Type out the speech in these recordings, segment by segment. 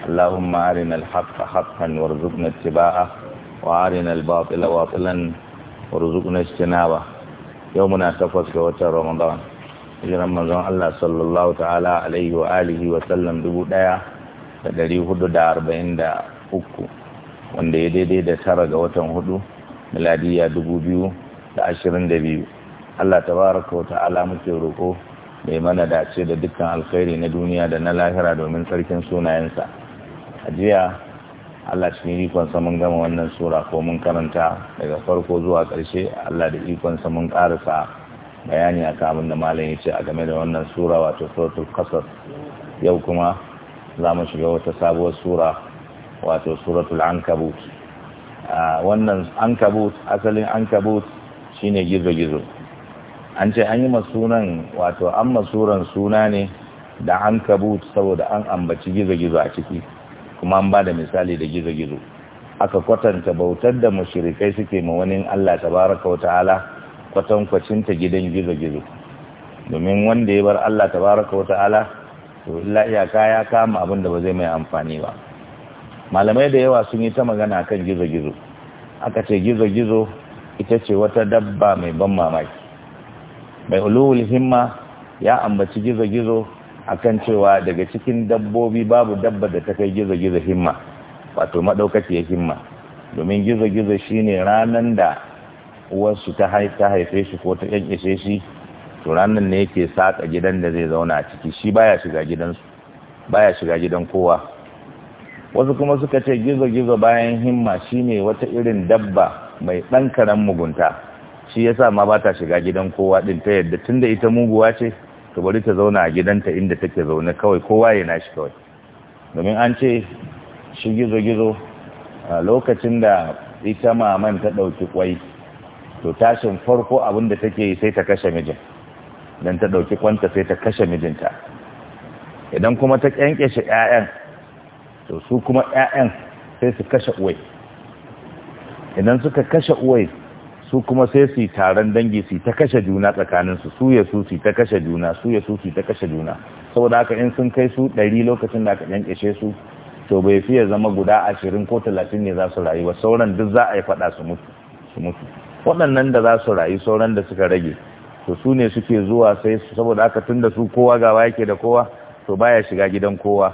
اللهم أرنا الحق حقا وارزقنا اتباعه وأرنا الباطل باطلا وارزقنا اجتنابه يومنا تفوت كوتا رمضان hijiran manzon Allah sallallahu ta'ala alaihi wa wa sallam dubu daya da dari hudu da arba'in da uku wanda ya daidai da tara ga watan hudu miladiya dubu biyu da ashirin da biyu Allah tabaraka wa ta'ala muke roƙo mai mana dace da dukkan alkhairi na duniya da na lahira domin tsarkin sunayensa a jiya Allah cikin ikonsa mun gama wannan sura ko mun karanta daga farko zuwa ƙarshe Allah da ikonsa mun ƙarasa bayani a kamun da malam ya ce a game da wannan sura wato suratul qasas yau kuma za mu shiga wata sabuwar sura wato suratul ankabut wannan ankabut asalin ankabut shine gizo-gizo an ce an yi masunan wato an masuran suna ne da ankabut saboda an ambaci gizo-gizo a ciki kuma an ba da misali da gizo-gizo aka kwatanta bautar da mashirikai suke ma wani Allah tabaraka wa ta'ala kwatankwacinta gidan gizo-gizo domin wanda ya bar Allah tabaraka wa ta'ala to illa iyaka ya kama abin da ba zai mai amfani ba malamai da yawa sun yi ta magana kan gizo-gizo aka ce gizo-gizo ita ce wata dabba mai ban mamaki mai ulul himma ya ambaci gizo-gizo akan cewa daga cikin dabbobi babu dabba da ta kai gizo-gizo himma wato maɗaukaciyar himma domin gizo-gizo shine ranan da uwarsu ta haife shi ko ta yankishe shi to ranan ne yake saka gidan da zai zauna a ciki shi baya shiga gidansu baya shiga gidan kowa wasu kuma suka ce gizo-gizo bayan himma shine wata irin dabba mai ɗan karen mugunta shi yasa ma ba ta shiga gidan kowa ɗin ta yadda tunda ita muguwa ce to bari ta zauna a gidanta inda take zaune kawai kowa ya nashi kawai domin an ce shi gizo-gizo a lokacin da ita maman ta ɗauki kwai to tashin farko abin da take yi sai ta kashe mijin don ta ɗauki kwanta sai ta kashe mijinta idan kuma ta shi 'ya'yan to su kuma 'ya'yan sai su kashe uwai idan suka kashe uwai su kuma sai su yi taron dangi su ta kashe juna tsakanin su ya su su ta kashe juna su ya su su ta kashe juna saboda haka in sun kai su ɗari lokacin da aka yankashe su to bai fiye zama guda ashirin ko talatin ne za su rayu ba sauran duk za a yi faɗa su mutu waɗannan da za su rayu sauran da suka rage to su ne suke zuwa sai saboda haka tun da su kowa gaba yake da kowa to baya shiga gidan kowa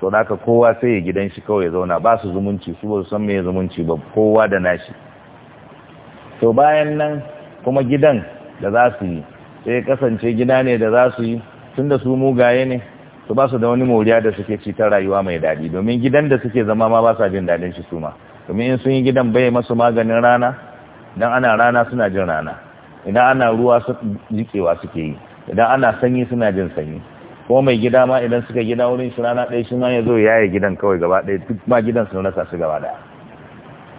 to da haka kowa sai ya gidan shi kawai ya zauna ba su zumunci su ba su san me zumunci ba kowa da nashi to bayan nan kuma gidan da za su yi sai kasance gida ne da za su yi tun da su mugaye ne su ba su da wani moriya da suke ci ta rayuwa mai daɗi domin gidan da suke zama ma ba sa jin daɗin shi su ma domin in sun yi gidan bai masu maganin rana idan ana rana suna jin rana idan ana ruwa su jikewa suke yi idan ana sanyi suna jin sanyi ko mai gida ma idan suka gida wurin shi rana ɗaya shi ma ya zo ya gidan kawai gaba ɗaya duk ma gidan sun rasa su gaba ɗaya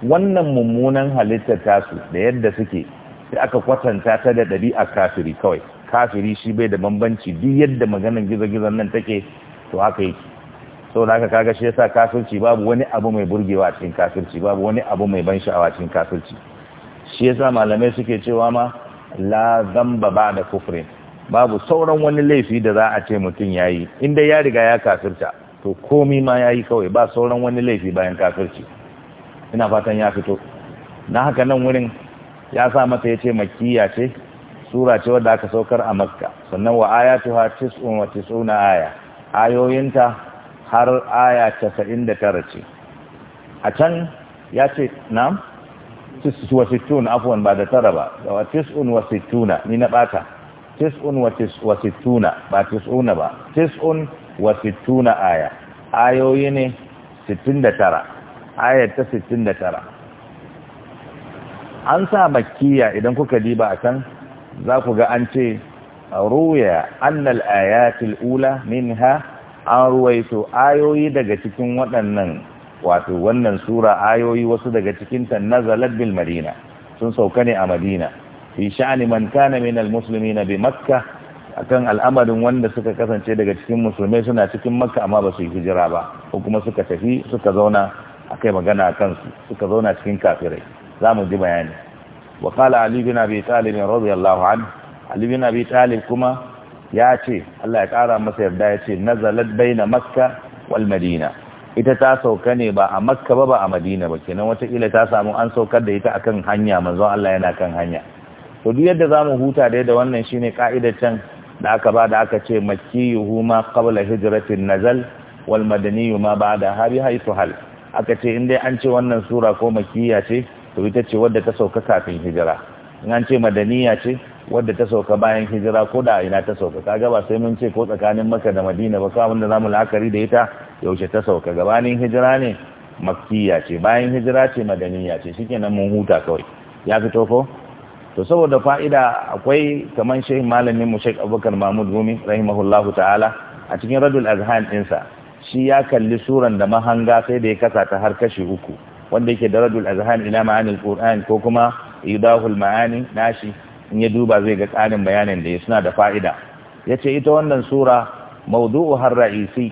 wannan mummunan halittar tasu da yadda suke sai aka kwatanta ta da ɗabi'a kafiri kawai kafiri shi bai da bambanci duk yadda maganar gizo-gizon nan take to haka yake sau da aka kaga shi yasa kafirci babu wani abu mai burgewa cikin kafirci babu wani abu mai ban sha'awa cikin kafirci shi yasa malamai suke cewa ma la zamba ba da kufrin babu sauran wani laifi da za a ce mutum ya yi inda ya riga ya kafirta to komi ma yi kawai ba sauran wani laifi bayan kafirci ina fatan ya fito na haka nan wurin ya sa mata yace makiya ce sura ce wadda aka saukar a makka sannan wa ayatuha tis'un wa tis'una aya ayoyinta har aya 99 ce a can ya ce tis'un wa sittun afwan ba da tara ba wa tis'un wa tis'una ni na bata tis'un wa wa tis'una ba tis'una ba tis'un wa tis'una aya ayoyi ne 69 ayar ta sittin da tara an sa makkiya idan kuka diba a can za ku ga an ce ruya annal ayatul ula minha an ruwaito ayoyi daga cikin waɗannan wato wannan sura ayoyi wasu daga cikin ta nazalat bil madina sun sauka ne a madina fi sha'ani man kana min al muslimina bi makka akan al'amarin wanda suka kasance daga cikin musulmai suna cikin makka amma ba su yi hijira ba ko kuma suka tafi suka zauna akai magana a kansu suka zauna cikin kafirai za mu ji bayani wa qala bin abi talib radiyallahu anhu ali bin talib kuma ya ce Allah ya kara masa yarda ya ce nazalat baina makka wal madina ita ta sauka ne ba a makka ba ba a madina ba kenan wata kila ta samu an saukar da ita akan hanya manzo Allah yana kan hanya to duk yadda zamu huta dai da wannan shine ne can da aka ba da aka ce makkiyuhu ma qabla hijratin nazal wal madaniyyu ma ba'da har haythu hal aka ce in dai an ce wannan sura ko makiyya ce to ita ce wadda ta sauka kafin hijira in an ce madaniya ce wadda ta sauka bayan hijira ko da ina ta sauka kaga ba sai mun ce ko tsakanin maka da madina ba kawai da zamu la'akari da ita yaushe ta sauka gabanin hijira ne makiyya ce bayan hijira ce madaniya ce shikenan mun huta kawai ya fito ko to saboda fa'ida akwai kaman shehin malamin mu Sheikh Abubakar Mahmud Gumi rahimahullahu ta'ala a cikin Radul Azhan ɗinsa shi ya kalli suran da mahanga sai da ya kasa ta har kashi uku wanda yake darajul azhan ila ma'anil qur'an ko kuma idahul ma'ani nashi in ya duba zai ga tsarin bayanin da ya suna da fa'ida yace ita wannan sura mawdu'u har ra'isi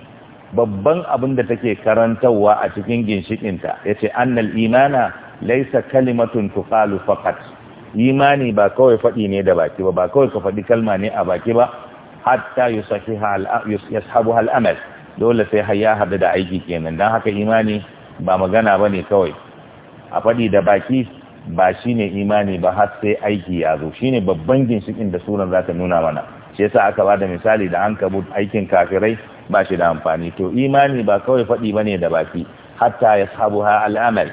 babban abin da take karantarwa a cikin ginshikinta yace annal imana laysa kalimatun tuqalu faqat imani ba kawai fadi ne da baki ba ba kawai ka fadi kalma ne a baki ba hatta yusahiha al-yashabu al-amal dole sai har ya haɗu da aiki kenan don haka imani ba magana ba ne kawai a faɗi da baki ba shi ne imani ba har sai aiki ya zo shi ne babban ginshikin da sunan za ta nuna mana shi yasa aka ba da misali da an kabu aikin kafirai ba shi da amfani to imani ba kawai faɗi ba ne da baki hatta ya sabu ha al'amal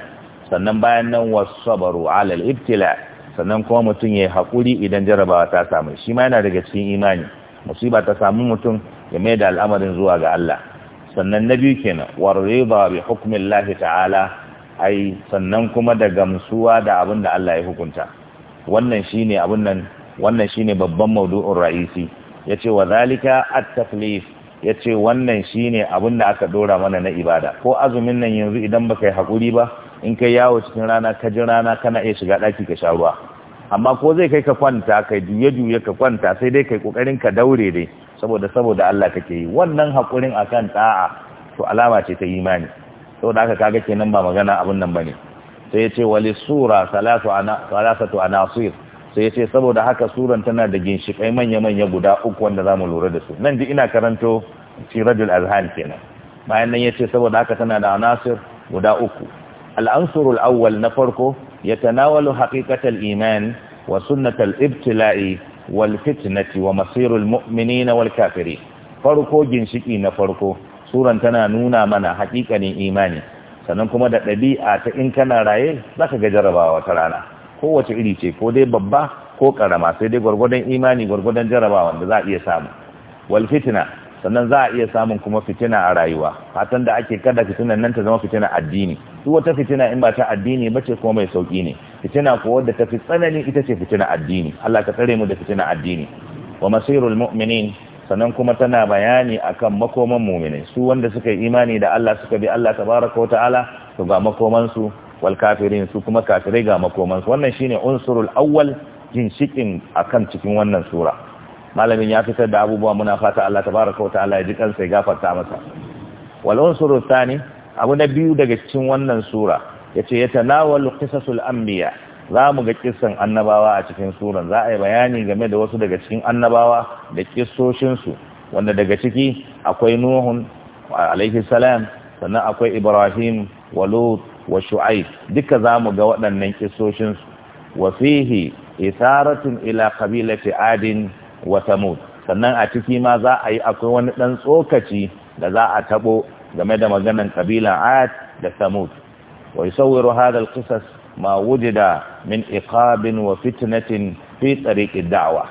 sannan bayan nan wasabaru alal ibtila sannan kuma mutum ya yi haƙuri idan jarabawa ta samu shi ma yana daga cikin imani musiba ta samu mutum ya mai da al'amarin zuwa ga Allah sannan na biyu kenan warida bi hukmillahi ta'ala ai sannan kuma da gamsuwa da abin da Allah ya hukunta wannan shine abin nan wannan ne babban maudu'un ra'isi ya ce wa zalika at ya ce wannan shine abin da aka dora mana na ibada ko azumin nan yanzu idan baka yi hakuri ba in kai yawo cikin rana ka ji rana kana iya shiga ɗaki ka sha ruwa amma ko zai kai ka kwanta kai juye juye ka kwanta sai dai kai ƙoƙarin ka daure dai saboda saboda Allah kake yi wannan hakurin akan ta'a to alama ce ta imani saboda haka kaga kenan ba magana abun nan bane sai yace wali sura salatu ana salasatu anasir sai yace saboda haka suran tana da ginshikai manya manya guda uku wanda zamu lura da su nan ji ina karanto siradul azhan kenan bayan nan yace saboda haka tana da anasir guda uku al-ansurul awwal na farko yatanawalu haqiqatal iman wa sunnatal ibtila'i wal fitnati wa masirul mu'minina wal kafirin farko ginshiki na farko suran tana nuna mana haƙiƙanin imani sannan kuma da ɗabi'a ta in kana raye za ka ga jarabawa ta rana kowace iri ce ko dai babba ko ƙarama sai dai gwargwadon imani gwargwadon jarabawa da za a iya samu wal fitina sannan za a iya samun kuma fitina a rayuwa fatan da ake kada fitinan nan ta zama fitina addini duk wata fitina in ba ta addini ba ce kuma mai sauƙi ne fitina ko wadda ta fi tsanani ita ce fitina addini Allah ka tsare mu da fitina addini wa masirul mu'minin sannan kuma tana bayani akan makoman mu'minai su wanda suka yi imani da Allah suka bi Allah tabaraka wa ta'ala to ga makoman su wal kafirin su kuma kafirai ga makoman su wannan shine unsurul awwal ginshikin akan cikin wannan sura malamin ya fitar da abubuwa muna fata Allah tabaraka wa ta'ala ya ji kansa ya gafarta masa wal unsurutani, thani abu na biyu daga cikin wannan sura yace yatanawalu qisasul ambiya za mu ga kisan annabawa a cikin suran za a yi bayani game da wasu daga cikin annabawa da kisoshinsu wanda daga ciki akwai nuhun alaihi salam sannan akwai ibrahim wa wa shu'ai duka za mu ga waɗannan kisoshinsu wa fihi isaratun ila qabilati adin wa samud sannan a ciki ma za a yi akwai wani ɗan tsokaci da za a taɓo game da maganan kabila ad da samud ويصور هذا القصص ما وجد من إقاب وفتنة في طريق الدعوة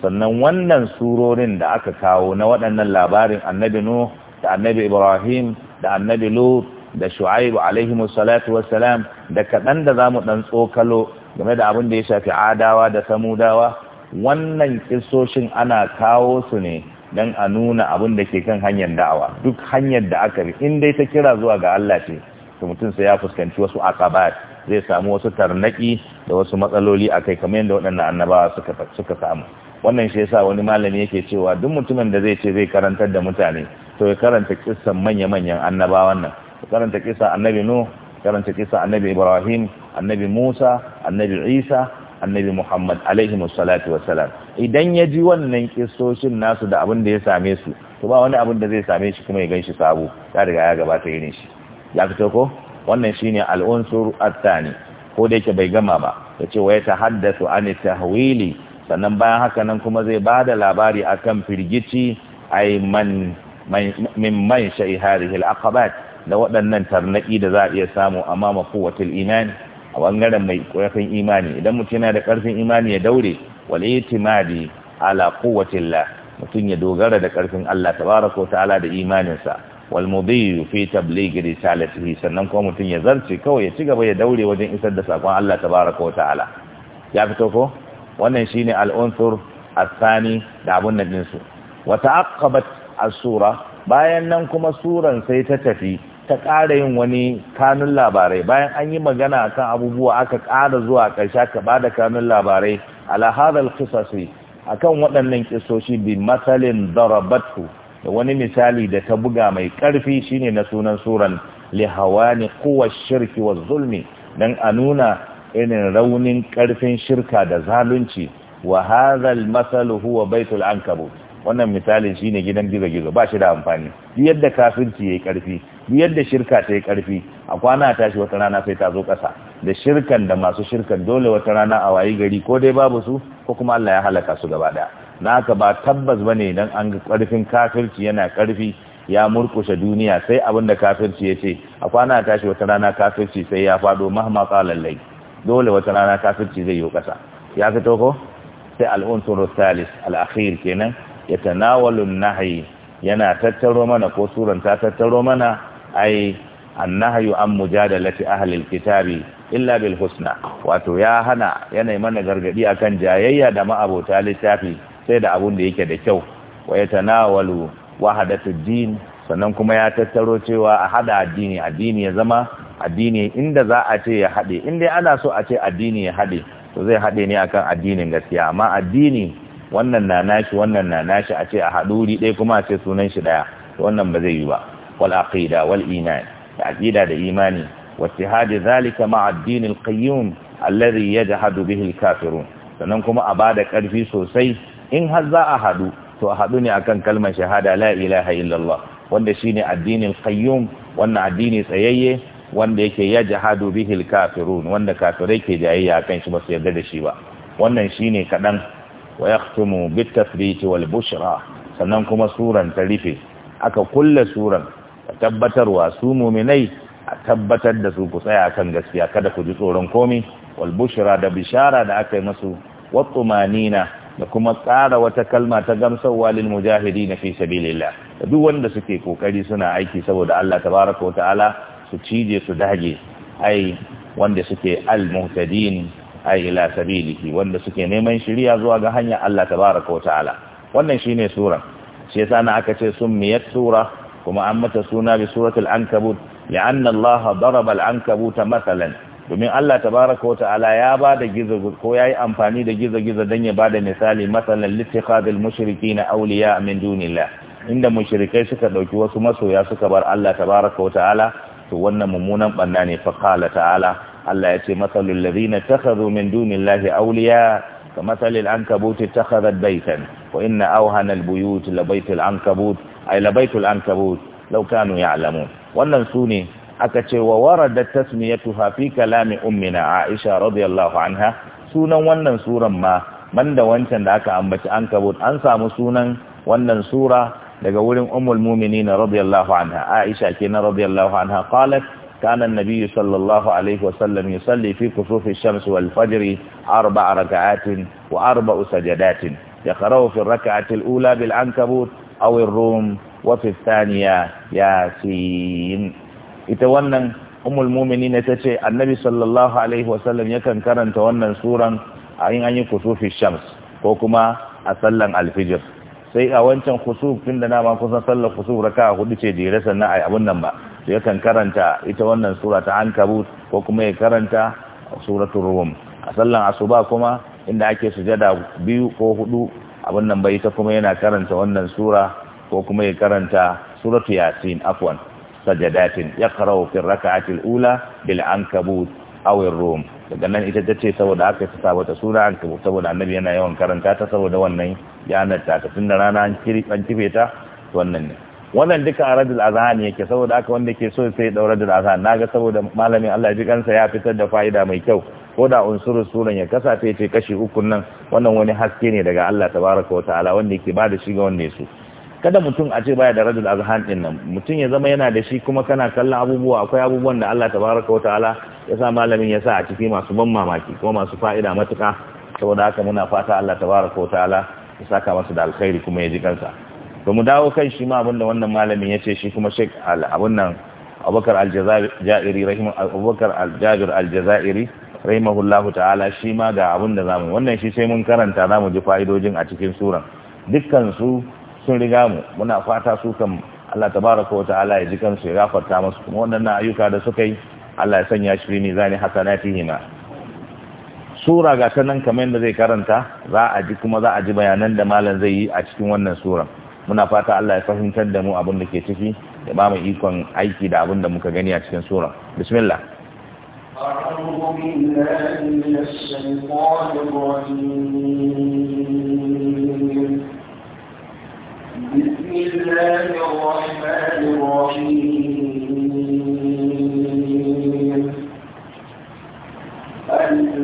sannan wannan surorin da aka kawo na waɗannan labarin annabi Nuh da annabi Ibrahim da annabi Lut da Shu'aib alaihi salatu wassalam da kaɗan da zamu ɗan tsokalo game da abin da ya shafi adawa da samudawa wannan kisoshin ana kawo su ne don a nuna abin da ke kan hanyar da'awa duk hanyar da aka bi in dai ta kira zuwa ga Allah ce mutum sai ya fuskanci wasu akabat zai samu wasu tarnaki da wasu matsaloli a kai kamar yadda waɗannan annabawa suka samu wannan shi yasa wani malami yake cewa duk mutumin da zai ce zai karantar da mutane to ya karanta kissan manya-manyan annabawan nan karanta kisa annabi nu karanta kisa annabi ibrahim annabi musa annabi isa annabi muhammad alaihi wa wassalam idan ya ji wannan kissocin nasu da abin da ya same su to ba wani abin da zai same shi kuma ya ganshi sabo ya riga ya gabata irin shi ya fito ko wannan shine al'unsur unsur athani ko da yake bai gama ba yace wa yatahaddathu an tahwili sannan bayan haka nan kuma zai bada labari akan firgici ay man min man sha'i hadhihi al da waɗannan tarnaki da za a iya samu mama quwwatul iman a bangaren mai ƙarfin imani idan mutum yana da ƙarfin imani ya daure wal itimadi ala quwwatillah mutum ya dogara da ƙarfin Allah tabaraka ta'ala da imaninsa والمضي في تبليغ رسالته sannan kuma mutun ya zarce kawai ya ci gaba ya daure wajen isar da sakon Allah tabaaraka wa ta'ala ya fito ko wannan shine al-unsur athani da abun nan din su wa ta'aqqabat as-sura bayan nan kuma suran sai ta tafi ta ƙara yin wani kanun labarai bayan an yi magana kan abubuwa aka ƙara zuwa ƙarshe ka bada kanun labarai ala hadha al-qisasi akan waɗannan kisoshi bi masalin darabatu da wani misali da ta buga mai karfi shine na sunan suran lihawani kowa shirki wa zulmi don a nuna irin raunin karfin shirka da zalunci wa hazal masalu huwa baitul wannan misalin shine gidan gizo-gizo ba shi da amfani duk yadda kafirci yayi karfi duk yadda shirka ta yi karfi a kwana tashi wata rana sai ta zo kasa da shirkan da masu shirkan dole wata rana a wayi gari ko dai babu su ko kuma Allah ya halaka su gaba ɗaya. na haka ba tabbas ba ne don an ga karfin kafirci yana ƙarfi ya murkushe duniya sai abin da kafirci ya ce a kwana tashi wata rana kafirci sai ya fado mahma qalallai dole wata rana kafirci zai yi ƙasa ya fito ko sai al-unsur thalis al kenan ya an-nahy yana tattaro mana ko suran ta tattaro mana ai nahayu an mujadalati lati kitabi illa bil husna wato ya hana yanayi mana gargadi akan jayayya da ma'abota littafi sai da abun da yake da kyau wa yatanawalu wahadatu din sannan kuma ya tattaro cewa a hada addini addini ya zama addini inda za a ce ya hade inda ana so a ce addini ya hade to zai hade ne akan addinin gaskiya amma addini wannan na nashi wannan na nashi a ce a haduri ɗaya kuma a ce sunan shi ɗaya wannan ba zai yi ba wal aqida wal iman da aqida da imani wattihadi zalika ma addinin din al-qayyum alladhi yajhadu bihi al-kafirun sannan kuma a ba da karfi sosai in har za a haɗu to a haɗu ne akan kalmar shahada la ilaha illallah wanda shine addinin qayyum wannan addini tsayayye wanda yake ya jahadu bihil kafiru, wanda kafirai ke jayayya kan shi ba yarda da shi ba wannan shine kadan wa yahtumu bit wal bushra sannan kuma suran ta rufe aka kulle suran tabbatarwa su muminai a tabbatar da su ku tsaya kan gaskiya kada ku ji tsoron komai wal bushra da bishara da aka yi musu wa tumanina da kuma ƙara wata kalma ta gamsarwa lil na fi sabilillah duk wanda suke kokari suna aiki saboda Allah tabaraka wa ta'ala su cije su dage ai wanda suke al muhtadin ai ila sabilihi wanda suke neman shiriya zuwa ga hanyar Allah tabaraka wa ta'ala wannan shine sura shi yasa na aka ce summiyat sura kuma an mata suna bi suratul ankabut li'anna Allah daraba al ankabuta mathalan domin Allah tabaraka wa ta'ala ya ba da gizo ko ya yi amfani da gizo-gizo don ya ba da misali matsalan littikhadul mushiriki na auliya min dunillah inda mushirikai suka ɗauki wasu masoya suka bar Allah tabaraka wa ta'ala to wannan mummunan banna ne fa ta'ala Allah ya ce masalul ladina takhadhu min dunillahi auliya ka masalil ankabuti takhadhat baitan ko inna awhana albuyut labaitul ankabut ay labaitul ankabut law kanu ya'lamun wannan sune aka ce wa warada tasmiyatuha fi kalami ummina Aisha radiyallahu anha sunan wannan suran ma da wancan da aka ambaci an kabut an samu sunan wannan sura daga wurin ummul mu'minin radiyallahu anha Aisha kenan radiyallahu anha qalat kana an-nabiy sallallahu alaihi wa sallam yusalli fi kusufi ash-shams wal fajr arba'a rak'atin wa arba'u sajadatin yaqra'u fi ar-rak'ati al-ula bil ankabut aw ar-rum وفي الثانية ياسين ita wannan umul mumini ne ta ce annabi sallallahu alaihi wasallam yakan karanta wannan suran a yin an yi kusufi shams ko kuma a sallan alfijir sai a wancan kusuf tun da nama kusan sallar kusuf raka hudu ce jere sannan a abun nan ba su yakan karanta ita wannan sura ta ankabut ko kuma ya karanta suratul rum a sallan asuba kuma inda ake sujada biyu ko hudu abun nan bai ita kuma yana karanta wannan sura ko kuma ya karanta suratul yasin afwan sajadatin yaqra'u fi rak'ati al-ula bil ankabut aw ar-rum daga nan ita tace saboda aka ta wata sura ankabut saboda annabi yana yawan karanta ta saboda wannan yanar ta tun da rana an kiri an kife ta wannan ne wannan duka a radul azhan yake saboda aka wanda ke so sai daura da azhan naga saboda malamin Allah ji kansa ya fitar da fa'ida mai kyau ko da unsurun suran ya kasafe ce kashi uku nan wannan wani haske ne daga Allah tabaraka wa ta'ala wanda yake bada shi ga wanda ya kada mutum a ce baya da rajul azhan din nan mutum ya zama yana da shi kuma kana kallon abubuwa akwai abubuwan da Allah tabaraka wataala ya sa malamin ya sa a ciki masu ban mamaki kuma masu fa'ida matuka saboda haka muna fata Allah tabaraka wataala ya saka masa da alkhairi kuma ya ji kansa to mu dawo kan shi ma abinda wannan malamin ya ce shi kuma Sheikh abun nan Abubakar Al-Jazairi rahimu Abubakar Al-Jabir Al-Jazairi rahimahullahu ta'ala shi ma ga abin da zamu wannan shi sai mun karanta zamu ji fa'idojin a cikin suran dukkan su sun riga mu muna fata su kan Allah tabaraka wa ta'ala ya ji kansu ya gafarta musu kuma na ayyuka da suka yi Allah ya sanya shi ne zani na sura ga ta nan kamar yadda zai karanta za a ji kuma za a ji bayanan da malam zai yi a cikin wannan sura muna fata Allah ya fahimtar da mu abin da ke ciki da ba mu ikon aiki da abin da muka gani a cikin sura bismillah أعوذ بالله من الشيطان الرجيم بسم الله الرحمن الرحيم الم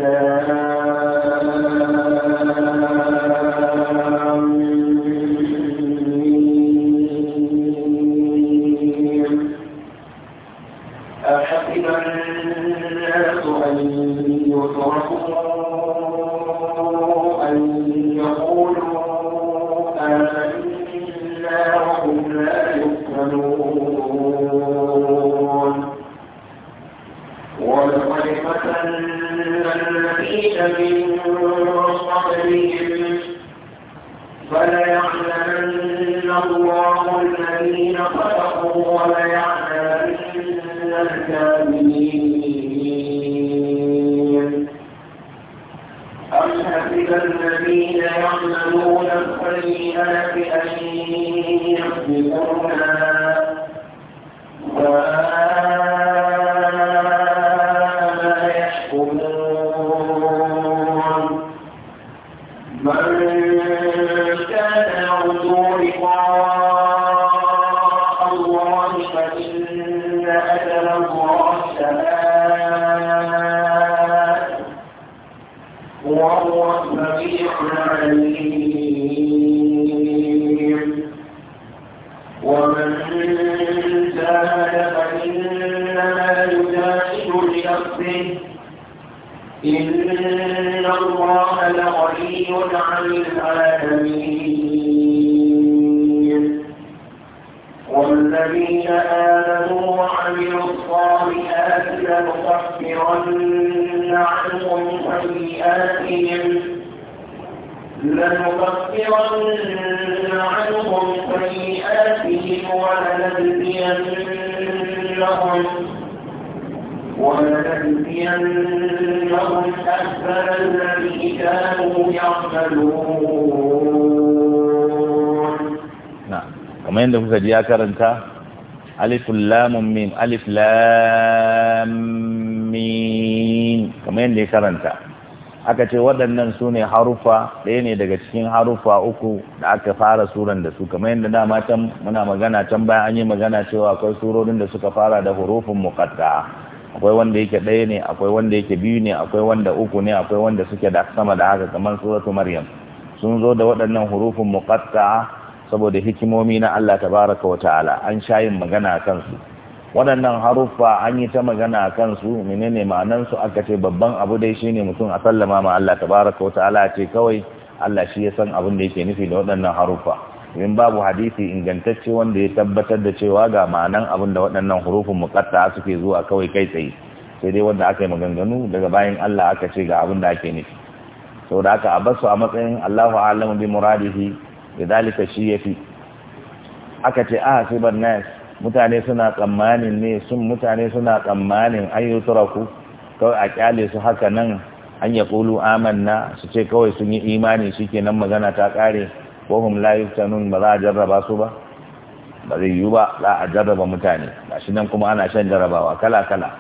Hamza ya karanta alif lam mim alif lam mim kamar yadda ya karanta aka ce waɗannan su ne harufa ɗaya ne daga cikin harufa uku da aka fara suran da su kamar yadda dama can muna magana can bayan an yi magana cewa akwai surorin da suka fara da hurufin muqatta'a akwai wanda yake ɗaya ne akwai wanda yake biyu ne akwai wanda uku ne akwai wanda suke da sama da haka kamar suratu maryam sun zo da waɗannan hurufin muqatta'a saboda hikimomi na Allah tabaraka wa ta'ala an shayin magana kansu waɗannan haruffa an yi ta magana kansu menene ma'anan su aka ce babban abu dai shine mutum a sallama ma Allah tabaraka wa ta'ala ce kawai Allah shi ya san abin da yake nufi da waɗannan haruffa in babu hadisi ingantacce wanda ya tabbatar da cewa ga ma'anan abin da waɗannan hurufin muqatta suke zuwa kawai kai tsaye sai dai wanda aka yi maganganu daga bayan Allah aka ce ga abin da ake nufi saboda haka a basu a matsayin Allahu a'lamu bi muradihi lidalika shi yafi aka ce a ah, siban nas mutane suna tsammanin ne sun mutane suna tsammanin an yi turaku kawai a kyale su haka nan an ya kulu amanna su ce kawai sun yi imani shikenan magana ta kare wahum la yuftanun ba za a jarraba su ba ba zai yiwu ba za a jarraba mutane gashi nan kuma ana shan jarrabawa kala kala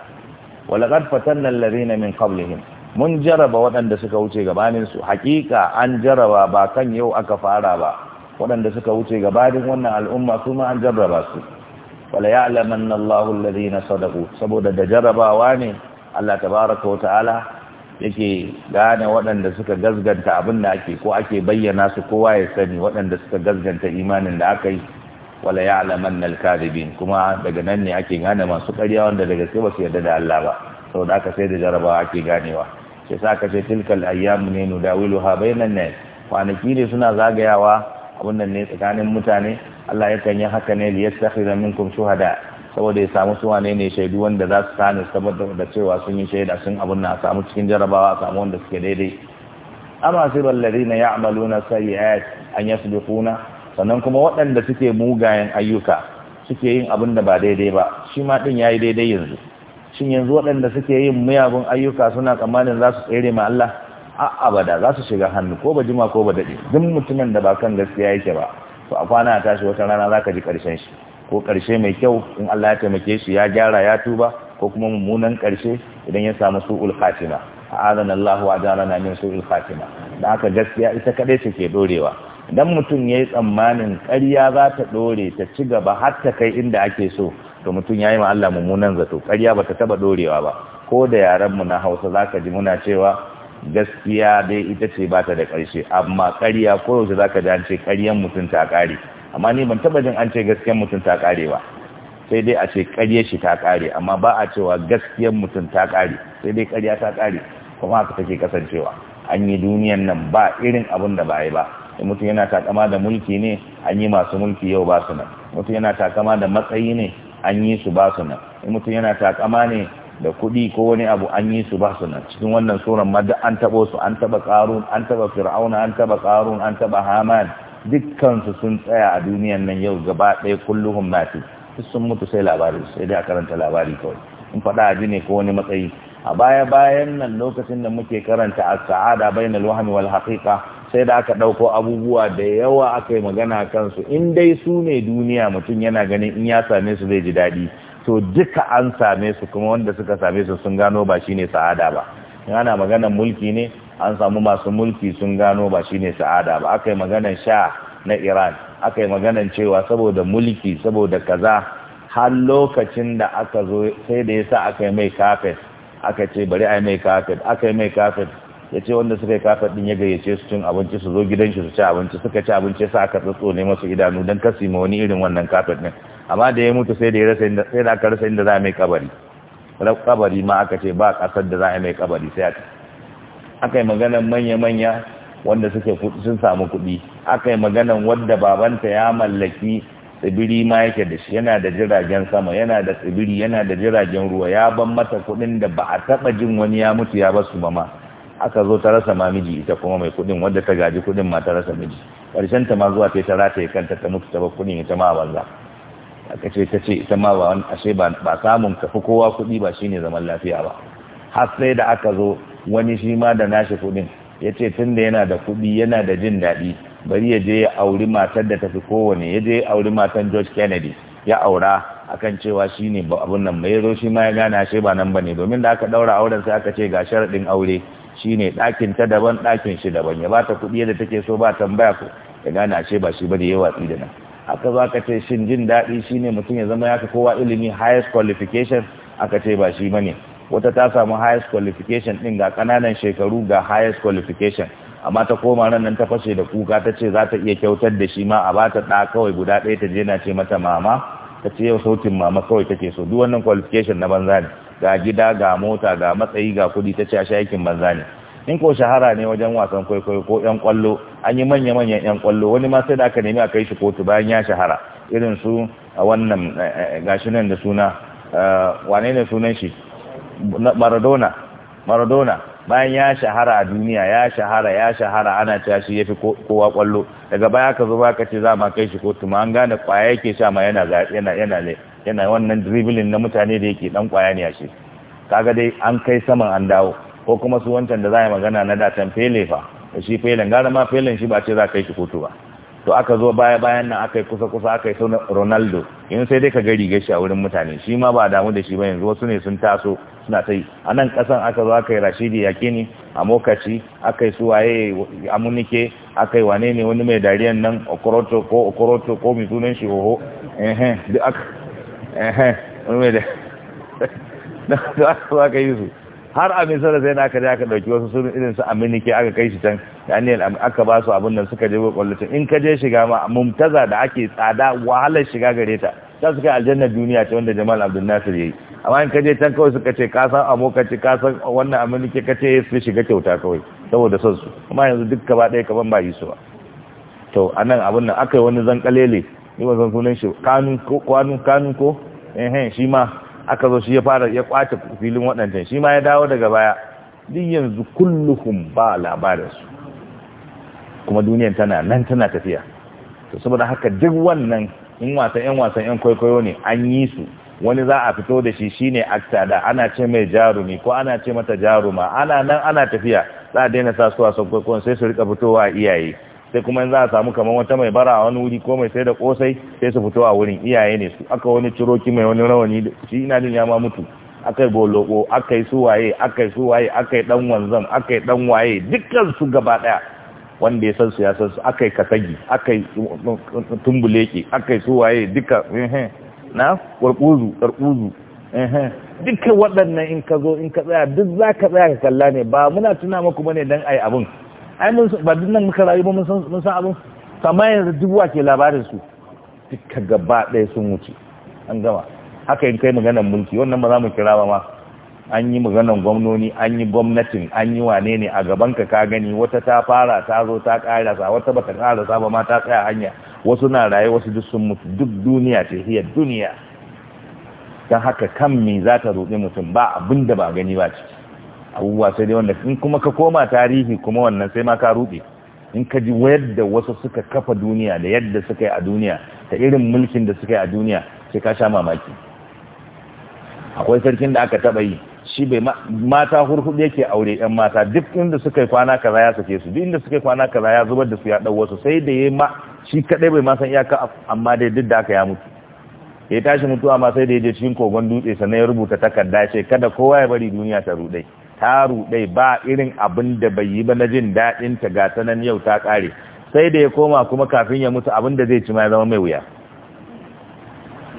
walaqad fatanna alladhina min qablihim mun jarraba waɗanda suka wuce gabanin su hakika an jarraba ba kan yau aka fara ba waɗanda suka wuce gabanin wannan al'umma su ma an jarraba su wala ya'lamanna Allahu alladhina sadaku saboda da jarrabawa ne Allah tabaaraka wa ta'ala yake gane waɗanda suka gazganta abin da ake ko ake bayyana su kowa ya sani waɗanda suka gazganta imanin da aka yi wala ya'lamanna al-kadhibin kuma daga nan ne ake gane masu ƙarya wanda daga sai ba su yarda da Allah ba saboda aka sai da jarrabawa ake ganewa sai sa ka ce tilkal ayyamu ne nudawiluha bainan nas kwanaki ne suna zagayawa abun ne tsakanin mutane Allah yakan yi haka ne da ya min minkum shuhada saboda ya samu su wane ne shaidu wanda za su sani saboda da cewa sun yi shaida sun abun na samu cikin jarabawa a samu wanda suke daidai amma sai ya ya'maluna sayyi'at an jikuna, sannan kuma waɗanda suke mugayen ayyuka suke yin abin da ba daidai ba shi ma ya yi daidai yanzu shin yanzu waɗanda suke yin miyagun ayyuka suna tsammanin za su tsere ma Allah A'a abada za su shiga hannu ko ba jima ko ba daɗe duk mutumin da ba kan gaskiya yake ba to a kwana a tashi wata rana za ka ji ƙarshen shi ko ƙarshe mai kyau in Allah ya taimake shi ya gyara ya tuba ko kuma mummunan ƙarshe idan ya samu su'ul khatima a'adana Allah wa ajarana min su'ul khatima da aka gaskiya ita kadai take dorewa idan mutum yayi tsammanin ƙarya za ta dore ta ci gaba har ta kai inda ake so to mutum yayi ma Allah mummunan zato ƙarya ta taba dorewa ba ko da yaran mu na Hausa zaka ji muna cewa gaskiya dai ita ce bata da ƙarshe amma ƙarya ko yau za ka ji an ƙaryan mutum ta ƙare amma ni ban taba jin an ce gaskiyan mutum ta ƙare ba sai dai a ce ƙarya shi ta ƙare amma ba a cewa gaskiyan mutum ta ƙare sai dai ƙarya ta ƙare kuma haka take kasancewa an yi duniyan nan ba irin abin da ba yi ba mutum yana takama da mulki ne an yi masu mulki yau ba su nan mutum yana takama da matsayi ne an yi su ba su nan mutum yana takama ne da kuɗi ko wani abu an yi su ba su nan cikin wannan suran ma an taɓo su an taɓa ƙarun an taɓa fir'auna an taɓa ƙarun an taɓa haman dukkansu sun tsaya a duniyan nan yau gaba ɗaya kulluhum nafi sun mutu sai labari sai dai a karanta labari kawai in faɗa a ne ko wani matsayi a baya bayan nan lokacin da muke karanta a saada na wahmi wal haƙiƙa sai da aka ɗauko abubuwa da yawa aka yi magana kansu in dai su ne duniya mutum yana ganin in ya same su zai ji daɗi To duka an same su kuma wanda suka same su sun gano ba shine sa'ada ba in ana maganan mulki ne an samu masu mulki sun gano ba shine sa'ada ba akai maganan sha na iran aka maganan cewa saboda mulki saboda kaza har lokacin da aka zo sai da yasa akai mai kafet aka ce bari a yi mai kafet aka mai kafet ya ce wanda suka yi kasa ɗin ya gayyace su cin abinci su zo gidan shi su ci abinci suka ci abinci sa aka tsotso ne masu idanu don kasi ma wani irin wannan kafet ɗin amma da ya mutu sai da ya rasa inda sai da aka rasa inda za a mai kabari kabari ma aka ce ba kasar da za a mai kabari sai aka aka yi manya-manya wanda suke sun samu kuɗi aka yi maganar wadda babanta ya mallaki tsibiri ma yake da shi yana da jiragen sama yana da tsibiri yana da jiragen ruwa ya ban mata kuɗin da ba a taba jin wani ya mutu ya basu ba ma aka zo ta rasa ma ita kuma mai kudin wadda ta gaji kudin ma ta rasa miji karshen ta ma zuwa ta ta rataye kanta ta mutu ta ba kudin ita ma banza aka ce ta ce ita ma ba ashe ba samun kafi kowa kudi ba shine zaman lafiya ba har sai da aka zo wani shi ma da nashi kudin ya ce tun da yana da kudi yana da jin daɗi bari ya je ya auri matar da tafi kowane ya je ya auri matar George Kennedy ya aura akan cewa shi ne abun nan mai zo shi ma ya gane ashe ba nan ba ne domin da aka ɗaura auren sai aka ce ga sharaɗin aure Shi ne ɗakin ta daban ɗakin shi daban ya ba ta kuɗi yadda take so ba tambaya ko ya gane ce ba shi ba da yawa watsi da nan aka zo aka ce shin jin daɗi shine mutum ya zama ya ka kowa ilimi highest qualification aka ce ba shi ba ne? wata ta samu highest qualification ɗin ga ƙananan shekaru ga highest qualification amma ta koma nan nan ta fashe da kuka ta ce za ta iya kyautar da shi ma a bata ɗa kawai guda ɗaya ta je na ce mata mama ta ce yau sautin mama kawai take so duk wannan qualification na banza ne ga gida ga mota ga matsayi ga kudi ta ce a shaikin banza ne in ko shahara ne wajen wasan kwaikwayo ko yan kwallo an yi manya-manyan yan kwallo wani ma sai da aka nemi a kai shi kotu bayan ya shahara irin su a wannan eh, eh, gashi nan da suna eh, wane ne sunan shi maradona maradona bayan ya shahara a duniya ya shahara ya shahara ana cewa shi yafi kowa kwallo daga baya ka zo ba ka ce za ma kai shi kotu ma an gane kwaya yake sha ma yana yana yana yana wannan dribbling na mutane da yake dan kwaya ne a shi kaga dai an kai saman an dawo ko kuma su wancan da za magana na datan fele fa da shi felen gara ma felen shi ba ce za ka shi kotu ba to aka zo baya bayan nan aka yi kusa kusa aka yi sun ronaldo in sai dai ka gari gashi a wurin mutane shi ma ba damu da shi ba yanzu wasu ne sun taso suna sai yi a nan kasan aka zo aka yi rashidi yakini a mokaci aka yi suwaye a munike aka yi wane ne wani mai dariyan nan okoroto ko okoroto ko mai sunan shi hoho eh, eh, duk da ka yi su har a misar sai na aka je aka dauki wasu sun irin su aminike aka kai shi can daniel aka ba su abin nan suka je kwallacin in ka je shiga ma mumtaza da ake tsada wahalar shiga gare ta ta suka aljannar duniya ce wanda jamal abdul nasir yayi amma in ka je can kawai suka ce ka san amo ka ce ka san wannan aminike ka ce eh, su shiga kyauta kawai saboda son su kuma yanzu duk ba ɗaya ban ba yi su ba to anan abin nan aka yi wani kalele ni ba zan sunan shi kanu ko kanu ko ehen shi ma aka zo shi ya fara ya kwace filin waɗancan shi ma ya dawo daga baya duk yanzu kulluhum ba labarinsu kuma duniyan tana nan tana tafiya to saboda haka duk wannan in wasan yan wasan yan kwaikwayo ne an yi su wani za a fito da shi shine akta da ana ce mai jarumi ko ana ce mata jaruma ana nan ana tafiya za a daina sa su wasan kwaikwayon sai su rika fitowa iyaye sai kuma yanzu a samu kamar wata mai bara a wani wuri ko mai sai da kosai sai su fito a wurin iyaye ne su aka wani ciroki mai wani rawani shi ina jin ya ma mutu aka yi boloko aka yi suwaye aka yi suwaye aka yi dan wanzan aka yi dan waye dukkan su gaba daya wanda ya san su ya san su aka yi katagi aka yi tumbuleke aka yi suwaye duka na ƙwarƙuzu ƙwarƙuzu dukkan waɗannan in ka zo in ka tsaya duk za ka tsaya ka kalla ne ba muna tuna maku bane dan ai abun ai mun ba duk nan muka rayu ba mun san abin amma yanzu dubuwa ke labarin su duka gaba ɗaya sun wuce an gama haka in kai maganar mulki wannan ba za mu kira ba ma an yi maganar gwamnoni an yi gwamnatin an yi wane ne a gaban ka ka gani wata ta fara ta zo ta karasa wata bata karasa ba ma ta tsaya hanya wasu na raye wasu duk sun mutu duk duniya ce hiya duniya don haka kan me za ta roɗe mutum ba abinda ba gani ba ciki abubuwa sai dai wanda in kuma ka koma tarihi kuma wannan sai ma ka rube in ka ji yadda wasu suka kafa duniya da yadda suka yi a duniya da irin mulkin da suka yi a duniya sai ka sha mamaki akwai sarkin da aka taba yi shi bai mata hurhudu yake aure yan mata duk inda suka yi kwana kaza ya sake su duk inda suka yi kwana kaza ya zubar da su ya dau wasu sai da yayi ma shi kadai bai ma san iyaka amma dai duk da aka ya mutu ya tashi mutuwa ma sai da ya je cikin kogon dutse sannan ya rubuta takarda ce kada kowa ya bari duniya ta rudai ta ruɗe ba irin abin da bai yi ba na jin daɗin ta ga ta yau ta ƙare sai da ya koma kuma kafin ya mutu abin da zai ci ma ya zama mai wuya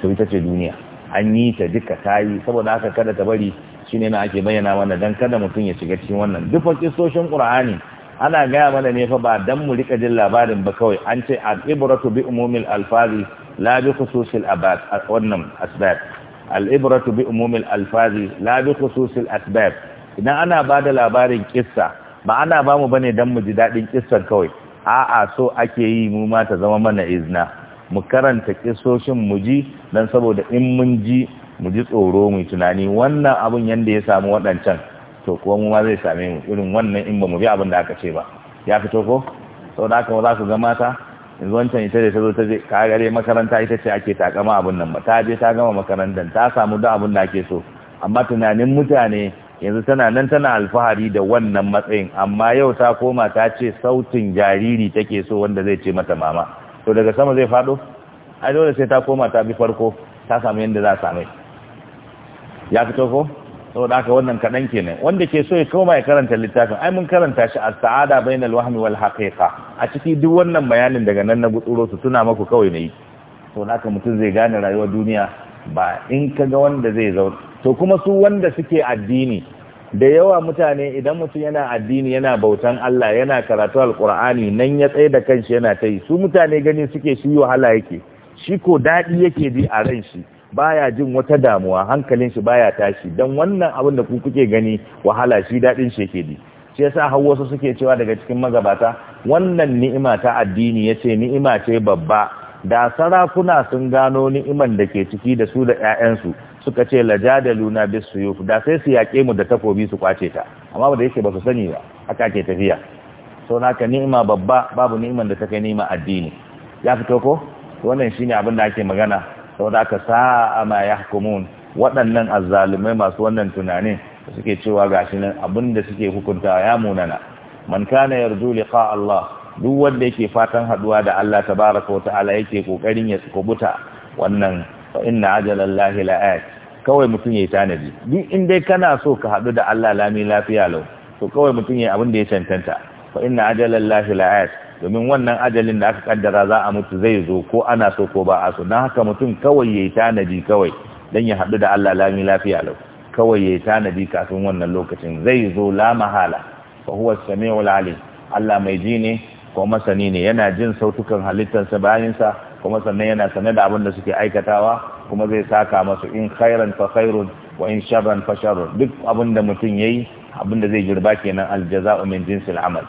to ta ce duniya an yi ta duka ta yi saboda haka kada ta bari shine na ake bayyana mana dan kada mutum ya shiga cikin wannan duk soshin qur'ani ana gaya mana ne fa ba dan mu rika jin labarin ba kawai an ce al-ibratu bi umumil alfazi la bi khususil abad wannan asbab al-ibratu bi umumil alfazi la bi khususil asbab idan ana ba da labarin kissa ba ana ba mu bane don mu ji daɗin kissar kawai a'a so ake yi mu ma ta zama mana izna mu karanta kissoshin mu ji don saboda in mun ji mu ji tsoro mu tunani wannan abun yanda ya samu waɗancan to kuma mu ma zai same mu irin wannan in ba mu bi abin da aka ce ba ya fito ko saboda haka za su ga mata yanzu wancan ita da ta zo ta je kagare makaranta ita ce ake takama abin nan ba ta je ta gama makarantar ta samu da abin da ake so amma tunanin mutane yanzu tana nan tana alfahari da wannan matsayin amma yau ta koma ta ce sautin jariri take so wanda zai ce mata mama to daga sama zai fado a dole sai ta koma ta bi farko ta sami yadda za a sami ya fito ko saboda haka wannan kaɗan kenan wanda ke so ya koma ya karanta littafin ai mun karanta shi a sa'ada na wahmi wal haƙiƙa a ciki duk wannan bayanin daga nan na gutsuro su tuna maku kawai na yi to aka mutum zai gane rayuwar duniya ba in kaga wanda zai zauna to kuma su wanda suke addini da yawa mutane idan mutum yana addini yana bautan Allah yana karatu alkur'ani nan ya tsaye da kanshi yana ta yi su mutane gani suke shi wahala yake shi ko daɗi yake ji a ran shi baya jin wata damuwa hankalin shi baya tashi dan wannan abin da ku kuke gani wahala shi daɗin shi yake ji shi yasa har wasu suke cewa daga cikin magabata wannan ni'ima ta addini yace ni'ima ce babba da sarakuna sun gano ni'iman da ke ciki da su da 'ya'yansu suka ce lajadalu na bisuyuf da sai su yaƙe mu da takobi su kwace ta amma ba da yake ba su sani ba haka ke tafiya so ka ni'ima babba babu ni'iman da ta kai ni'ima addini ya fito ko wannan shine abin da ake magana saboda aka sa'a ma yahkumun waɗannan azzalumai masu wannan tunanin da suke cewa gashi nan abin da suke hukunta ya munana man kana yarju liqa Allah duk wanda yake fatan haduwa da Allah tabaraka wa ta'ala yake kokarin ya kubuta wannan fa inna ajalallahi la'at kawai mutum yayi tanaji duk in dai kana so ka hadu da Allah lami lafiya lau to kawai mutum yayi abin da ya cancanta fa inna ajalallahi la'at domin wannan ajalin da aka kaddara za a mutu zai zo ko ana so ko ba a so dan haka mutum kawai yayi tanadi kawai dan ya hadu da Allah lami lafiya lau kawai yayi tanadi kafin wannan lokacin zai zo la mahala fa huwa as-sami'ul alim Allah mai ji ne ko masani ne yana jin sautukan halittarsa bayansa kuma sannan yana sane da abin da suke aikatawa kuma zai saka masu in khairan fa khairun wa in sharran fa sharrun duk abin da mutum yayi abin da zai girba kenan aljaza'u min jinsil amal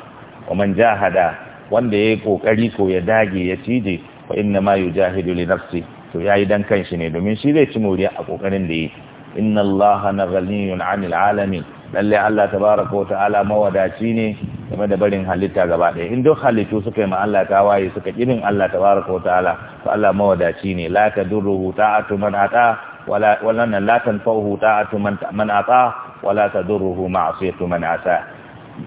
wa man jahada wanda yayi kokari ko ya dage ya cije wa inna ma yujahidu li nafsi to yayi dan kanshi ne domin shi zai ci moriya a kokarin da yi inna allaha na ghaniyun 'anil 'alamin lalle Allah tabaraka wa ta'ala mawadaci ne game da barin halitta gaba ɗaya in duk halittu suka yi ma Allah tawaye suka kirin Allah tabaraka wa ta'ala to Allah mawadaci ne la tadurruhu ta'atu man ata wala nan la tanfa'uhu ta'atu man man ata wala tadurruhu ma'siyatu man asa